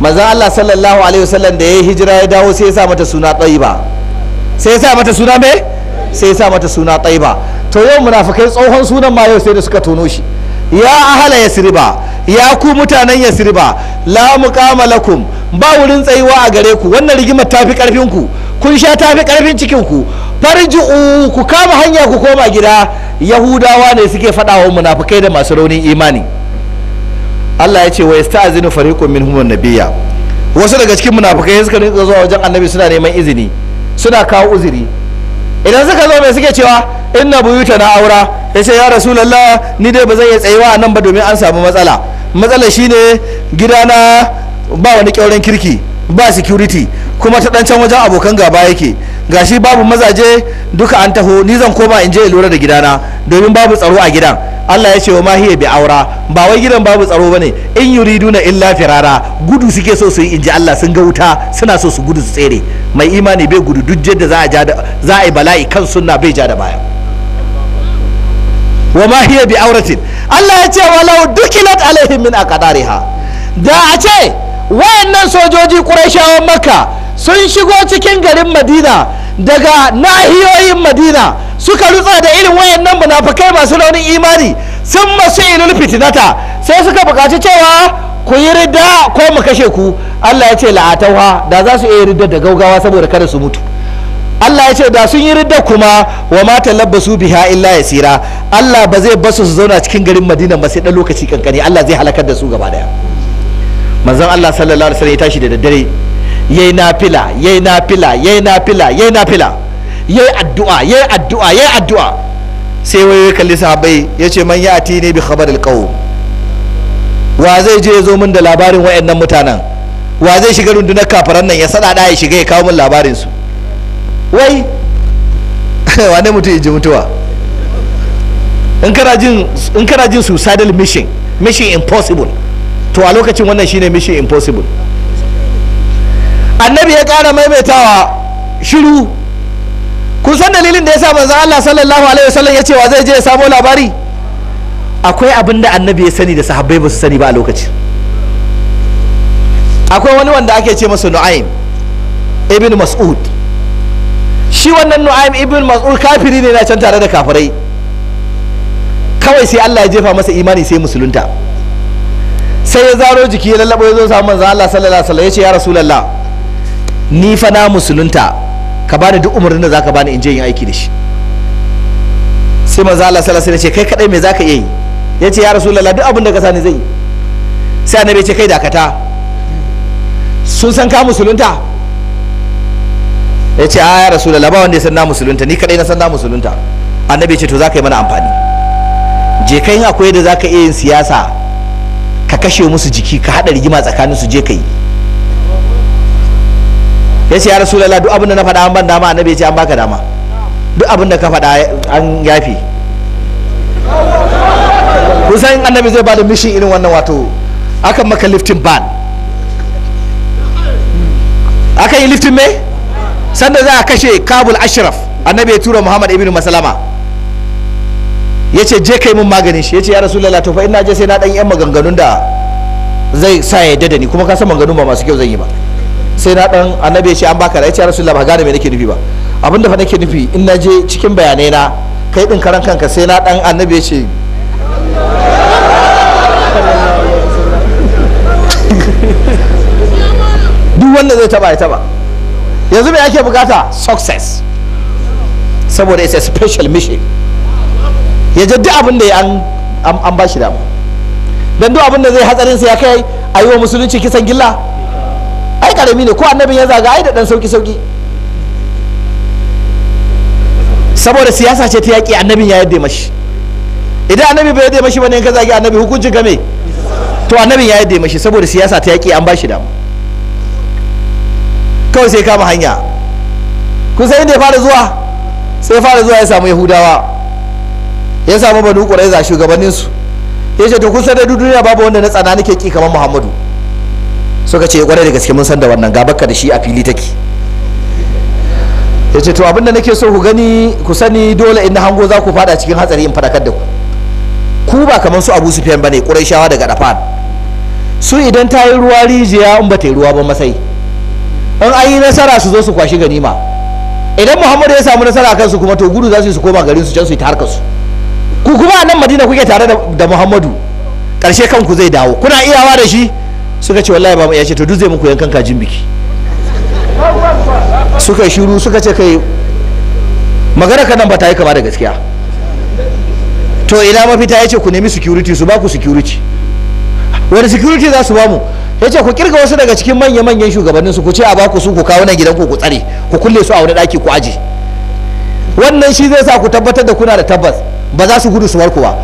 maza Allah sallallahu alaihi wasallam da ya hijira ya dawo sai ya sa mata suna ba sai ya sa mata suna me sai ya sa mata suna ba to yau munafikai tsohon sunan ma yau sai da suka tono shi ya ahala yasriba ya ku mutanen yasriba la muqama lakum ba wurin tsayuwa a gare ku wannan rigimar tafi karfin ku kun sha ta fi karfin cikin ku farji'u ku kama hanya ku koma gida yahudawa ne suke faɗa wa munafukai da masu raunin imani Allah ya ce wa yasta'zinu fariqun minhum nabiyya wasu daga cikin munafukai suka rinka zuwa wajen annabi suna neman izini suna kawo uzuri idan suka zo mai suke cewa inna buyuta na aura ya ce ya rasulallah ni dai ba zan iya tsayuwa nan ba domin an samu matsala matsala shine gidana ba wani kyauren kirki ba security kuma ta ɗancan wajen abokan gaba yake gashi babu mazaje duka an taho ni zan koma in je in lura da gidana domin babu tsaro a gidan Allah ya ce wa mahiya bi aura ba wai gidan babu tsaro bane in na illa firara gudu suke so su yi inji Allah sun ga wuta suna so su gudu su tsere mai imani bai gudu duk yadda za a ja za a yi bala'i kan sunna bai ja da baya wa mahiya bi auratin Allah ya ce walau dukilat alaihim min aqdariha da a ce wayannan sojoji qurayshawan makka sun shigo cikin garin madina daga nahiyoyin madina suka rutsa da irin wayannan munafukai masu launin imani sun masu ilul fitinata sai suka buƙaci cewa ku yi ridda ko mu kashe ku Allah ya ce la'atawa da za su iya ridda da gaugawa saboda kada su mutu Allah ya ce da sun yi ridda kuma wa labba su biha illa ya tsira. Allah ba zai basu su zauna cikin garin Madina ba sai dan lokaci kankani Allah zai halakar da su gaba daya manzon Allah sallallahu alaihi wasallam ya tashi da daddare yayi nafila yayi nafila yayi nafila yayi nafila yayi addu'a yayi addu'a yayi addu'a sai wai ya kalli sahabbai ya ce man ya'ati ne bi khabar qawm wa zai je ya zo min da labarin wayannan mutanen wa zai shiga rundunar kafaran nan ya sada da ya shiga ya kawo min labarin su wai wane mutum ya ji mutuwa in kana jin su saddle mission mission impossible to a lokacin wannan shine mission impossible annabi ya ƙara maimaitawa shiru kun san dalilin da ya sa manzan Allah sallallahu alaihi wasallam ya ce wa zai je ya samo labari akwai abin da annabi ya sani da sahabbai ba su sani ba a lokacin akwai wani wanda ake ce masa nu'aim ibn mas'ud shi wannan nu'aim ibn mas'ud kafiri ne na can tare da kafirai kawai sai Allah ya jefa masa imani sai musulunta sai ya zaro jiki ya lallabo ya zo samu manzan Allah sallallahu alaihi wasallam ya ce ya rasulullah ni fa na musulunta ka bani duk umarnin da zaka bani in je yin aiki da shi sai manzo Allah sallallahu alaihi wasallam ce kai kadai me zaka iya yi yace ya rasulullah duk abin da ka sani zai yi sai annabi ce kai dakata sun san ka musulunta yace a ya rasulullah ba wanda ya san na musulunta ni kadai na san na musulunta annabi ce to zaka yi mana amfani je kai akwai da zaka iya yin siyasa ka kashe musu jiki ka hada rigima tsakanin su je kai ya ce ya rasulallah duk abinda na faɗa an ban dama annabi ya ce an baka dama duk abinda ka faɗa an yafi kusan annabi zai bada mishin irin wannan wato akan maka liftin ban akan yi liftin me sanda za a kashe kabul ashraf annabi ya tura muhammad ibn masalama ya ce je kai mun maganin shi ya ce ya rasu to fa ina je sai na ɗan yan maganganun da zai sa ya dada da ni kuma ka san maganganun ba masu kyau zan yi ba sai na dan annabi shi ce an baka da ya rasulullah ba gane me nake nufi ba abin da fa nake nufi in na je cikin bayanai na kai din karan kanka sai na dan annabi shi. ce duk wanda zai taba ya taba yanzu me ake bukata success saboda it's a special mission ya jaddi abin da an an bashi da dama don duk abin da zai hatsarin sa ya kai a yi wa musulunci kisan gilla ai karami ne ko annabi ya zaga ai da dan sauki sauki saboda siyasa ce ta yaƙi annabin ya yadda mashi idan annabi bai yadda mashi bane ka zagi annabi hukuncin ka to annabin ya yadda mashi saboda siyasa ta yaƙi an ba shi damu kawai sai kama hanya kun sai inda ya fara zuwa sai fara zuwa ya samu yahudawa ya samu banu ƙuraiza shugabanninsu ya ce to kun san da duniya babu wanda na tsana nake ki kamar muhammadu suka ce kwarai da gaske mun san da wannan ga ka da shi a fili take ya ce to abinda nake so ku gani ku sani dole in na hango za ku fada cikin hatsari in fadakar da ku ku ba kamar su abu sufiyan bane ƙurashawa daga dafan su idan ta yi ruwa rijiya in ba ta yi ruwa ba masai in an yi nasara su zo su kwashi ganima idan muhammadu ya samu nasara kan su kuma to gudu za su su koma garin su can su yi ta su ku kuma a nan madina kuke tare da muhammadu ƙarshe kanku zai dawo kuna iyawa da shi suka ce wallahi baban ya ce to duk zai muku yankan kajin biki suka shiru suka ce kai magana ka nan ba ta yi kama da gaskiya to ina mafita ya ce ku nemi security su ba ku security wani security za su ba mu ya ce ku kirga wasu daga cikin manya-manyan shugabannin su ku ce a ba ku su ku kawo nan gidan ku ku tsare ku kulle su a wani daki ku aje wannan shi zai sa ku tabbatar da kuna da tabbas ba za su gudu su warku ba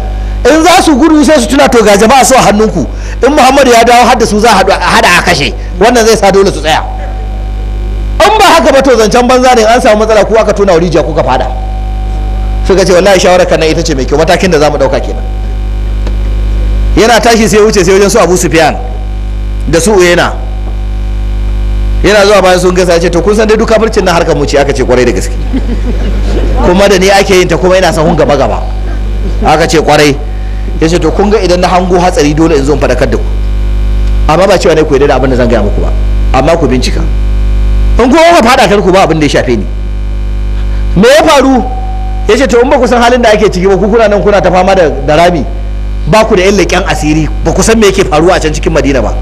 in za su gudu sai su tuna to ga jama'a su a hannunku in muhammadu ya dawo har da su za a hada a kashe wannan zai sa dole su tsaya in ba haka ba to zancen banza ne an samu matsala ko aka tona rijiya ko ka fada suka ce wallahi shawarar kan ita ce mai kyau matakin da zamu dauka kenan yana tashi sai wuce sai wajen su Abu Sufyan da su Uyena yana zuwa bayan sun gasa ce to kun san dai duka furcin nan harkar mu ce aka ce kwarai da gaske kuma da ni ake yin ta kuma ina sahun gaba gaba aka ce kwarai ya ce to kun ga idan na hango hatsari dole in zo in faɗakar da ku amma ba cewa ne ku da abin da zan gaya muku ba amma ku bincika in ku ka faɗa tarku ba abin da ya shafe ni me ya faru ya ce to in ba ku san halin da ake ciki ba ku kuna nan kuna ta fama da rami ba ku da yan asiri ba ku san me yake faruwa a can cikin madina ba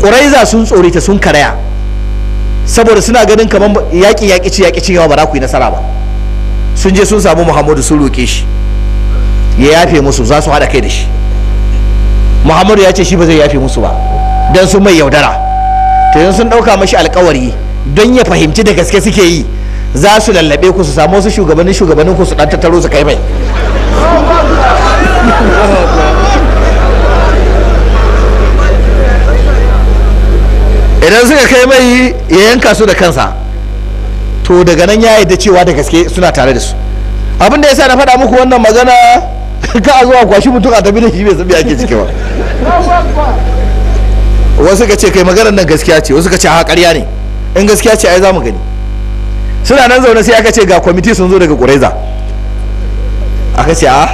ƙuraiza sun tsorita sun karaya saboda suna ganin kamar yaƙi yaƙi ci yaƙi ci ba za ku yi nasara ba sun je sun samu muhammadu sun roƙe shi ya yafe musu za su haɗa kai da shi muhammadu ya ce shi ba zai yafe musu ba don sun mai yaudara to yanzu sun ɗauka mashi alkawari don ya fahimci da gaske suke yi za su lallabe ku su samu wasu shugabannin shugabannin ku su ɗan tattaro su kai mai idan suka kai mai ya yanka su da kansa to daga nan ya da cewa da gaske suna tare da su abin da ya sa na faɗa muku wannan magana ka a zuwa kwashi mutum a tafi da shi bai san ake ciki ba wasu ka ce kai maganar nan gaskiya ce wasu ka ce haƙarya ne in gaskiya ce ai za mu gani suna nan zaune sai aka ce ga kwamiti sun zo daga ƙuraiza aka ce a ah?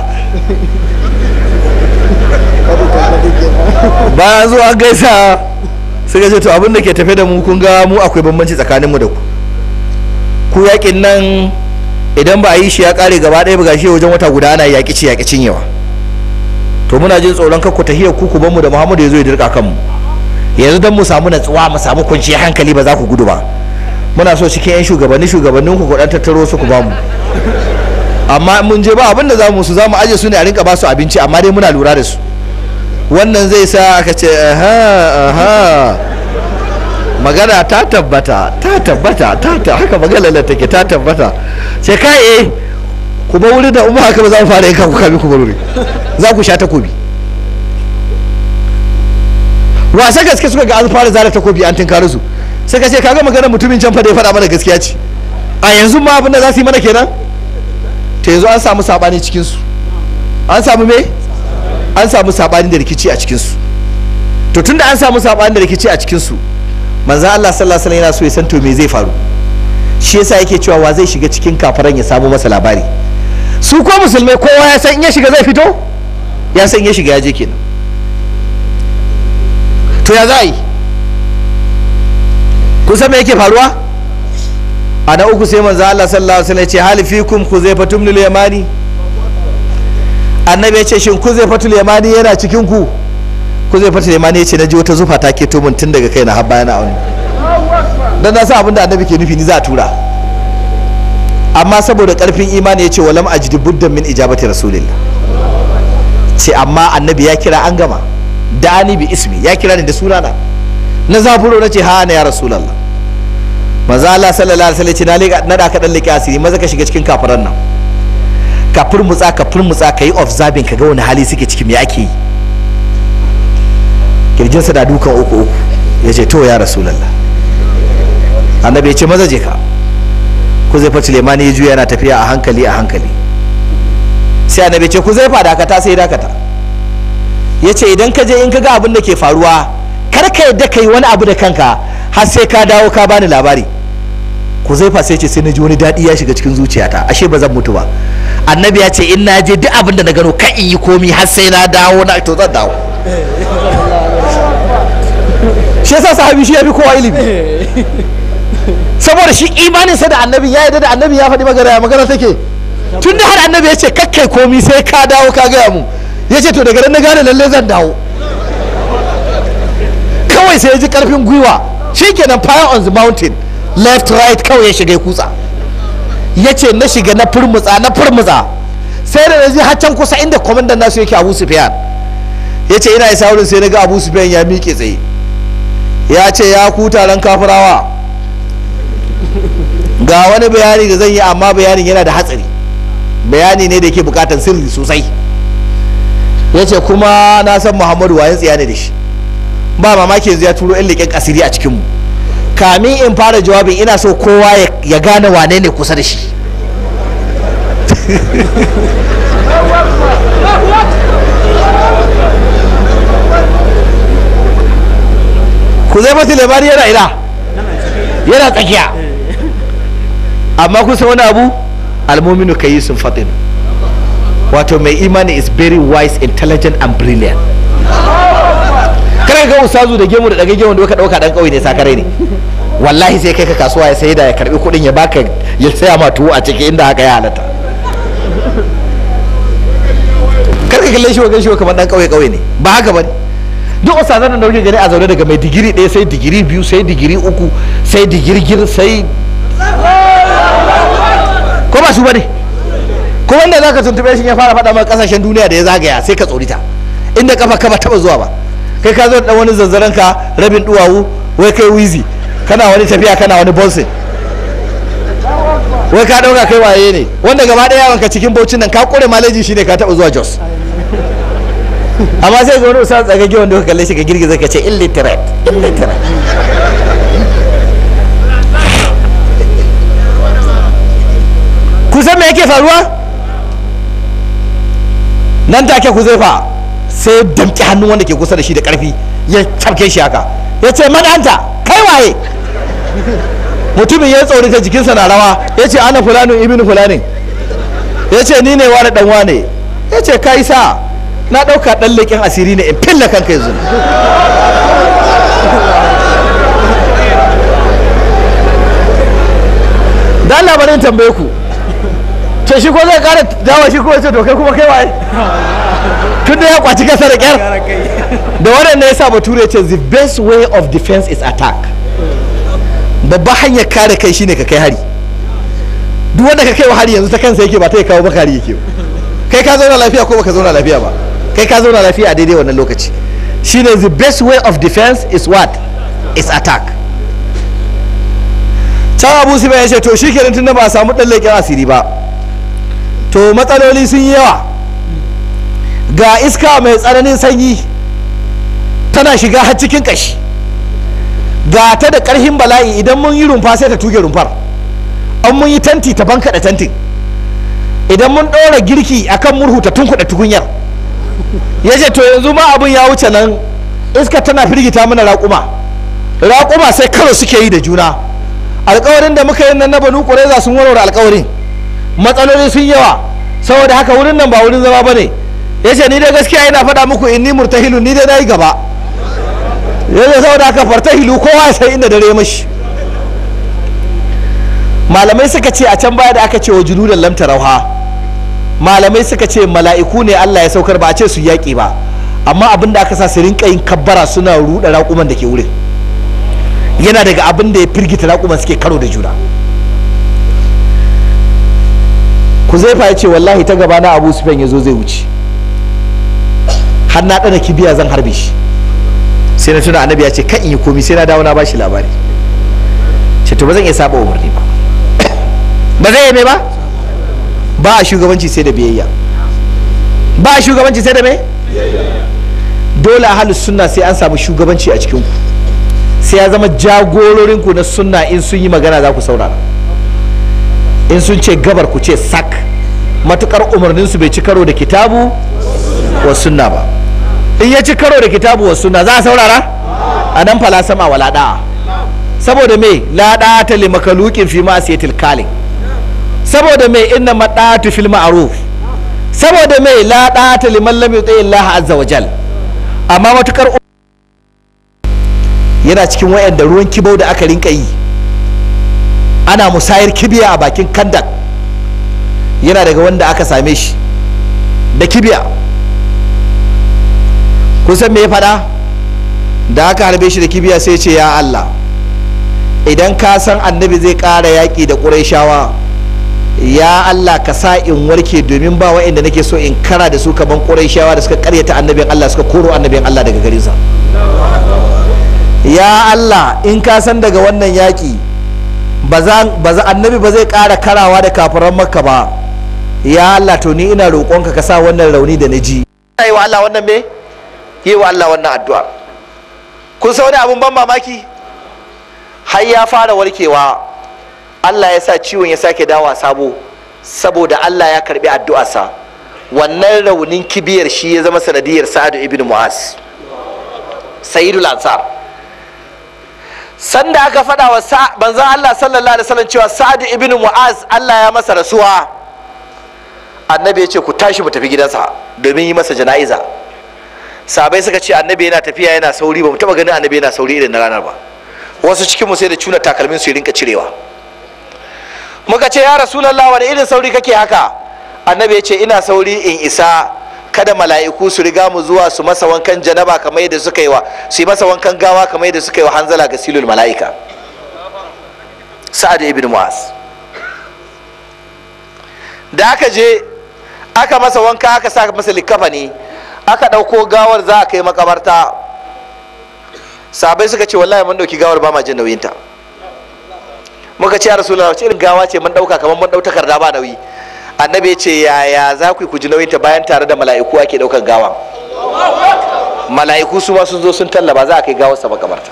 bayan zuwa gaisa suka ce to abin da ke tafe da mu kun ga mu akwai bambanci tsakaninmu da ku ku yaƙin nan idan ba a yi shi ya kare gaba ɗaya ba gashi wajen wata guda ana yaƙi ci yaƙi cinyewa to muna jin tsoron kakku tahiyar ku ku mu da muhammadu ya zo ya dirka kanmu yanzu don mu samu natsuwa mu samu kwanciyar hankali ba za ku gudu ba muna so cikin 'yan shugabanni shugabannin ku kudan tattaro su ku bamu amma mun je ba abin da za mu su za mu aje su ne a rinka ba su abinci amma dai muna lura da su wannan zai sa aka ce aha aha magana ta tabbata ta tabbata ta haka magana take ta tabbata sai kai eh ku ba wuri da uba haka ba za mu fara yanka ku kami ku baruri za ku sha takobi wasa gaske suka ga an fara zara takobi an tunkare su sai ka ce kaga maganar mutumin can fa da ya faɗa mana gaskiya ce a yanzu ma abin da za su yi mana kenan to yanzu an samu sabani cikin su an samu me an samu sabani da rikici a cikin su to tunda an samu sabani da rikici a cikin su manzo Allah sallallahu alaihi wasallam yana so ya san to me zai faru shi yasa yake cewa wa zai shiga cikin kafaran ya samu masa labari su ko musulmai kowa ya san in ya shiga zai fito ya san in ya shiga ya je kenan to ya za yi kusan me yake faruwa a na uku sai manzo Allah sallallahu alaihi wasallam ya ce hal fikum khuzaifatun lil yamani annabi ya ce shin khuzaifatul yamani yana cikin ku khuzaifatul yamani ya ce naji wata zufa ta ke to mun tun daga kai har bayana yana auni. dan na san abinda annabi ke nufi ni za a tura amma saboda karfin imani ya ce walam ajdi buddan min ijabati rasulillah ce amma annabi ya kira an gama dani bi ismi ya kira ni da sunana na zafuro na ce ha na ya rasulallah maza Allah sallallahu alaihi wasallam ce na na da ka dan liki asiri maza ka shiga cikin kafiran nan ka furmutsa ka furmutsa ka yi observing ka ga wani hali suke ciki me ake yi kirjinsa da dukan uku uku ya ce to ya rasulallah annabi ya ce maza je ka ku zai faci lemani ya juya yana tafiya a hankali a hankali sai annabi ce ku zai fa dakata sai dakata ya ce idan ka je in ka ga abin da ke faruwa kar ka yadda ka yi wani abu da kanka har sai ka dawo ka bani labari ku zai fa sai ce sai na ji wani daɗi ya shiga cikin zuciyata ashe ba zan mutu ba annabi ya ce in na je duk abin da na gano ka in yi komi har sai na dawo na to zan dawo shi yasa sahabi shi ya fi kowa ilimi saboda shi imaninsa da annabi ya yadda da annabi ya faɗi magana magana take tun da har annabi ya ce kakkai komi sai ka dawo ka gaya mu ya ce to daga nan na gane lalle zan dawo kawai sai ya ji karfin gwiwa shikenan fire on the mountain left right kawai ya shiga ya kutsa ya ce na shiga na furmutsa na furmutsa sai da nazi har can kusa inda kwamandan nasu yake abu sufiyan ya ce ina isa wurin sai na ga abu sufiyan ya miƙe tsaye ya ce ya kuta taron kafirawa ga wani bayani da zan yi amma bayanin yana da hatsari bayani ne da yake bukatar sirri sosai ya ce kuma na san muhammadu wayan tsaya ne da shi ba mamaki yanzu ya turo yan leƙen asiri a cikinmu kamin in fara jawabin ina so kowa ya gane wane ne kusa da shi ku zai masu labari yana ila yana tsakiya amma kun san wani abu almominu ka yi sun fatin wato mai imani is very wise intelligent and brilliant kar ga usazu da gemu da daga gemu da ka dauka dan kauye ne sakare ne wallahi sai kai ka kasuwa ya da ya karbi kudin ya baka ya saya ma tuwo a ciki inda haka ya halata. kar ka kalle shi wa ganshi kamar dan kauye kauye ne ba haka ba duk ustazan nan da nauke gani a zaune daga mai digiri ɗaya sai digiri biyu sai digiri uku sai digirgir sai ba su bane ko wanda zaka tuntube shi ya fara faɗa maka kasashen duniya da ya zagaya sai ka tsorita inda kafa ka ba taba zuwa ba kai ka zo da wani zanzaran ka rabin duwawu wai kai wizi kana wani tafiya kana wani bonse wai ka dauka kai waye ne wanda gaba ɗaya wanka cikin baucin nan ka kore maleji shine ka taba zuwa jos amma sai ga wani usa tsagage wanda ka kalle shi ka girgiza ka ce illiterate illiterate san me yake faruwa nan take fa sai damki hannun wanda ke kusa da shi da karfi ya cafke shi haka ya ce man'anta kai waye mutumin ya ta jikinsa na rawa ya ce ana fulanin ibn fulanin ya ce ni ne wani dan ne ya ce kai sa na ɗauka ɗan leƙen asiri ne in filla kanka yanzu da Allah labarin tambaye ku sai shi ko zai kara dawa shi ko ya ce to kai kuma kai waye tun da ya kwaci kasa da kyar da wannan ne yasa bature ce the best way of defense is attack babba hanyar kare kai shine ka kai hari duk wanda ka kai wa hari yanzu ta kansa yake ba ta kawo baka hari yake kai ka zauna lafiya ko baka zauna lafiya ba kai ka zauna lafiya a daidai wannan lokaci shine the best way of defense is what is attack can abu su ya ce to shi kenan tun da ba a samu dan leƙen asiri ba to matsaloli sun yi yawa ga iska mai tsananin sanyi tana shiga har cikin kashi ga ta da karhin bala'i idan mun yi rumfa sai ta tuge rumfar an mun yi tanti ta banka da tantin idan mun ɗora girki a kan murhu ta tunkuɗa tukunyar ya ce to yanzu ma abin ya wuce nan iska tana firgita mana raƙuma raƙuma sai karo suke yi da juna alƙawarin da muka yi nan na banu ƙureza sun warware alƙawarin matsaloli sun yawa saboda haka wurin nan ba wurin zama ba ne ya ce ni dai gaskiya yana faɗa muku in inni murtahilu ni dai na yi gaba ya ce saboda haka fartahilu kowa ya san inda dare mashi malamai suka ce a can baya da aka ce wa junudan lamta rauha malamai suka ce mala'iku ne Allah ya saukar ba a ce su yaƙi ba amma abin da aka sa su rinka yin kabbara suna ruɗa raƙuman da ke wurin yana daga abin da ya firgita raƙuman suke karo da juna huzaifa ya ce wallahi ta gaba na abu sufyan ya zo zai wuce har na ɗana kibiya zan harbe shi sai na tuna annabi ya ce kan in yi komi sai na dawo na ba shi labari ce to ba zan iya saba umarni ba ba zai yi ba ba a shugabanci sai da biyayya ba a shugabanci sai da me dole a halin sunna sai an samu shugabanci a cikinku sai ya zama jagororinku na sunna in sun yi magana za ku saurara in sun ce gabar ku ce sak matukar umarninsu bai ci karo da kitabu wa sunna ba in ya ci karo da kitabu wa sunna za a saurara a nan fala sama wa lada saboda me lada ta li makalukin fi ma'asiyatil kalin saboda me inna mada'atu fil ma'ruf saboda me lada ta liman lam yuti Allah azza wa jal, amma matukar yana cikin wayan da ruwan kibau da aka rinka yi ana musayar kibiya a bakin kandak yana daga wanda aka same shi da kibiya kusan me ya faɗa da aka harbe shi da kibiya sai ce ya Allah idan ka san annabi zai ƙara yaƙi da ƙurayshawa ya Allah ka sa in warke domin ba wa'inda nake so in kara da su kaman ƙurayshawa da suka ƙaryata annabin Allah suka koro annabin Allah daga garinsa ya Allah in ka san daga wannan yaƙi annabi ba zai ƙara karawa da kafiran makka ba ya Allah to ni ina roƙonka ka sa wannan rauni da na ji yi wa Allah wannan me yi wa Allah wannan addu'a kun san wani abun ban mamaki har ya fara warkewa Allah ya sa ciwon ya sake dawa sabo saboda Allah ya karbi addu'arsa wannan raunin kibiyar shi ya zama sanadiyar Sa'adu ibn Mu'az Sayyidul Ansar sanda aka faɗa wa banzan Allah sallallahu alaihi wasallam cewa Sa'adu ibn Mu'az Allah ya masa rasuwa annabi ya ce ku tashi mu tafi gidansa domin yi masa jana'iza sabai suka ce annabi yana tafiya yana sauri ba mu taba ganin annabi yana sauri irin na ranar ba wasu cikin mu sai da cuna takalmin su rinka cirewa muka ce ya rasulullah wani irin sauri kake haka annabi ya ce ina sauri in isa kada mala'iku su riga mu zuwa su masa wankan janaba kamar yadda suka yi wa su yi masa wankan gawa kamar yadda suka yi wa hanzala ga silul mala'ika sa'ad ibn mu'az da aka je aka masa wanka aka sa masa likafa ne aka ɗauko gawar za a kai makabarta sabai suka ce wallahi mun ɗauki gawar ba ma jin nauyinta muka ce a rasulullah wace irin gawa ce mun ɗauka kamar mun ɗau takarda ba nauyi annabi ya ce yaya za ku ku ji nauyinta bayan tare da mala'iku ake ɗaukar gawa mala'iku su ma sun zo sun tallaba za a kai gawarsa makabarta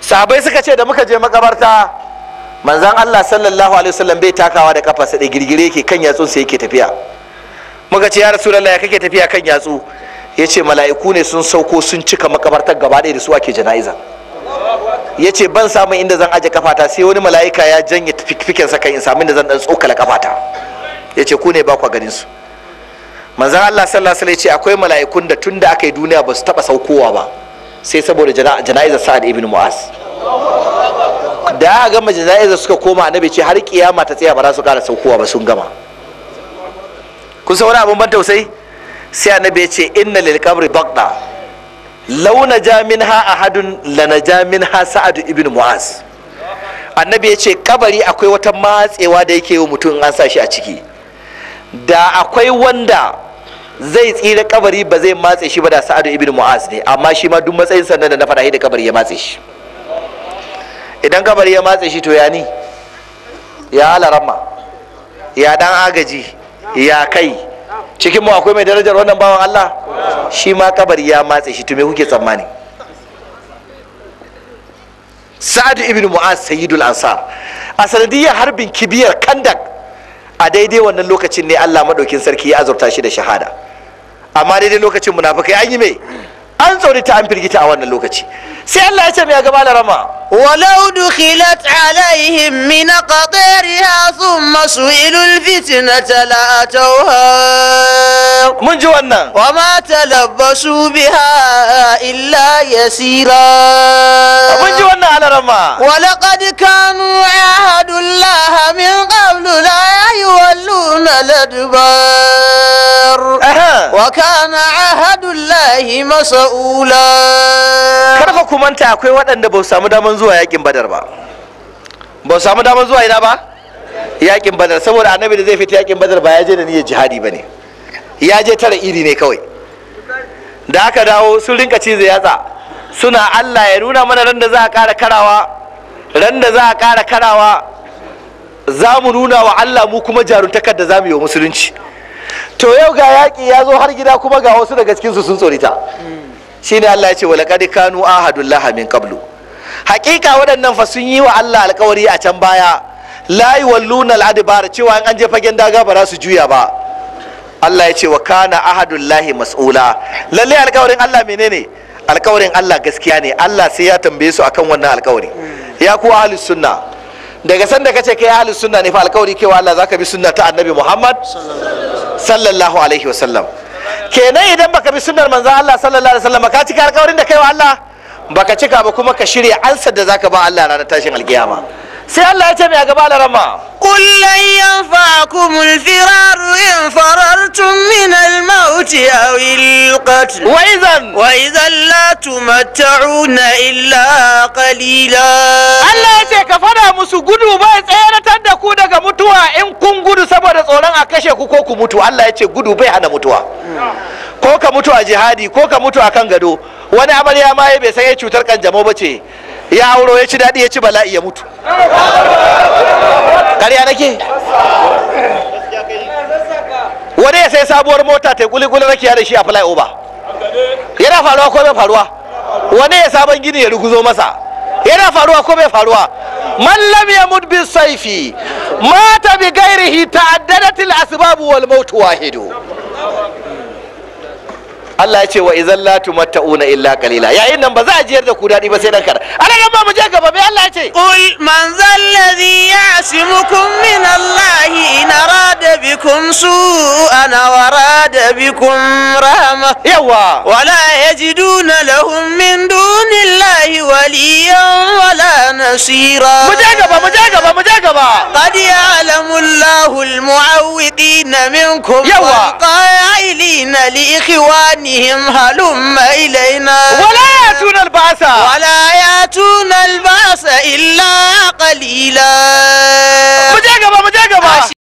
sabai suka ce da muka je makabarta manzan Allah sallallahu alaihi wasallam bai takawa da kafarsa da girgire yake kan yatsun sa yake tafiya muka ce ya rasulullahi kake tafiya kan yatsu yace mala'iku ne sun sauko sun cika makabartar gaba da su ake jana'iza yace ban samun inda zan aje kafata sai wani mala'ika ya janye fikfiken sa kan in samu inda zan dan tsokala kafata yace ku ne ba ku ganin su manzan Allah sallallahu alaihi wasallam yace akwai mala'ikun da tunda aka yi duniya ba su taba saukowa ba sai saboda jana'izar Sa'ad ibn Mu'az da aka gama jana'izar suka koma annabi ce har kiyama ta tsaya ba za su kara saukowa ba sun gama kun san wani abin ban tausayi sai annabi ya ce inna lil qabri baqda law naja minha ahadun naja minha sa'ad ibn mu'az annabi ya ce kabari akwai wata matsewa da yake yi mutum an sa shi a ciki da akwai wanda zai tsira kabari ba zai matse shi ba da sa'ad ibn mu'az ne amma shi ma duk matsayin sannan da na faɗa da kabari ya matse shi idan kamar ya matse shi to ya ni ya alarama ya dan agaji ya kai cikin mu akwai mai darajar wannan bawan Allah shi ma kabar ya matse shi to me kuke tsammani sa'ad ibn mu'az sayyidul ansar a sanadiyar harbin kibiyar kandak a daidai wannan lokacin ne Allah madaukin sarki ya azurta shi da shahada amma daidai lokacin munafikai an yi mai an tsorita an firgita a wannan lokaci sai Allah ya ce mai gaba larama ولو دخلت عليهم من قطيرها ثم سئلوا الفتنة لأتوها من جوانا وما تلبسوا بها إلا يسيرا من جوانا على رما ولقد كانوا عهد الله من قبل لا يولون الأدبار وكان عهد الله مسؤولا كرفكم أنت أكوي وأن بوسام دامنزو zuwa yakin badar ba ba samu damar zuwa ina ba yakin badar saboda annabi da zai fita yakin badar ba ya je da niyyar jihadi ba ne ya je tara iri ne kawai da aka dawo sun rinka cizo yatsa suna allah ya nuna mana ran da za a kara karawa ran da za a kara karawa za mu nuna wa allah mu kuma jaruntakar da za mu yi wa musulunci to yau ga yaƙi ya zo har gida kuma ga wasu daga cikinsu sun tsorita shine allah ya ce walaƙadi kanu ahadullah min qablu hakika waɗannan fa sun yi wa Allah alkawari a can baya la yuwalluna al'adbar cewa an je fagen daga ba za su juya ba Allah ya ce wa kana ahadullahi mas'ula lalle alkawarin Allah menene alkawarin Allah gaskiya ne Allah sai ya tambaye su akan wannan alkawari ya ku ahlus sunna daga sanda ka ka kai ahlus sunna ne fa alkawari kewa Allah zaka bi sunna ta annabi Muhammad sallallahu alaihi wasallam kenan idan baka bi sunnar manzo Allah sallallahu alaihi wasallam ka cika alkawarin da kai wa Allah baka cika ba kuma ka shirya ansar da zaka ba Allah ranar tashin alkiyama sai Allah ya ce mai a gaba da rama kullun yanfa'akum al-firar in farartum min al a aw al Wai zan. Wai zan illa kalila. Allah ya ce ka fada musu gudu bai tsayaratar da ku daga mutuwa in kun gudu saboda tsoron a kashe ku ko ku mutu Allah ya ce gudu bai hana mutuwa ko ka mutu a jihadi ko ka mutu a kan gado wani amarya ma ya bai san ya cutar kanjamau ba ce ya hauro ya ci daɗi ya ci bala'i ya mutu ƙarya nake wani ya sai sabuwar mota ta kuli kuli rakiya da shi a flyover yana faruwa ko bai faruwa wani ya sabon gini ya ruguzo masa yana faruwa ko bai faruwa Mallam ya yamut bi saifi mata bi gairihi ta'addadatil al asbab wal maut wahidu Allah ya ce wa idan la tumatta'una illa qalila yayin nan ba za a jiyar da ku dadi ba sai dan kada ana nan ba mu je gaba bai Allah ya ce qul man zalladhi ya'simukum min Allah in arada bikum su'an wa arada bikum rahma yawa wala yajiduna lahum min dunillahi waliyan wala nasira mu je gaba mu je gaba mu je gaba qad ya'lamu Allahu al-mu'awwiqina minkum yawa qailina li ikhwani عليهم هلم إلينا ولا يأتون البعث ولا يأتون البعث إلا قليلا مجاقبة مجاقبة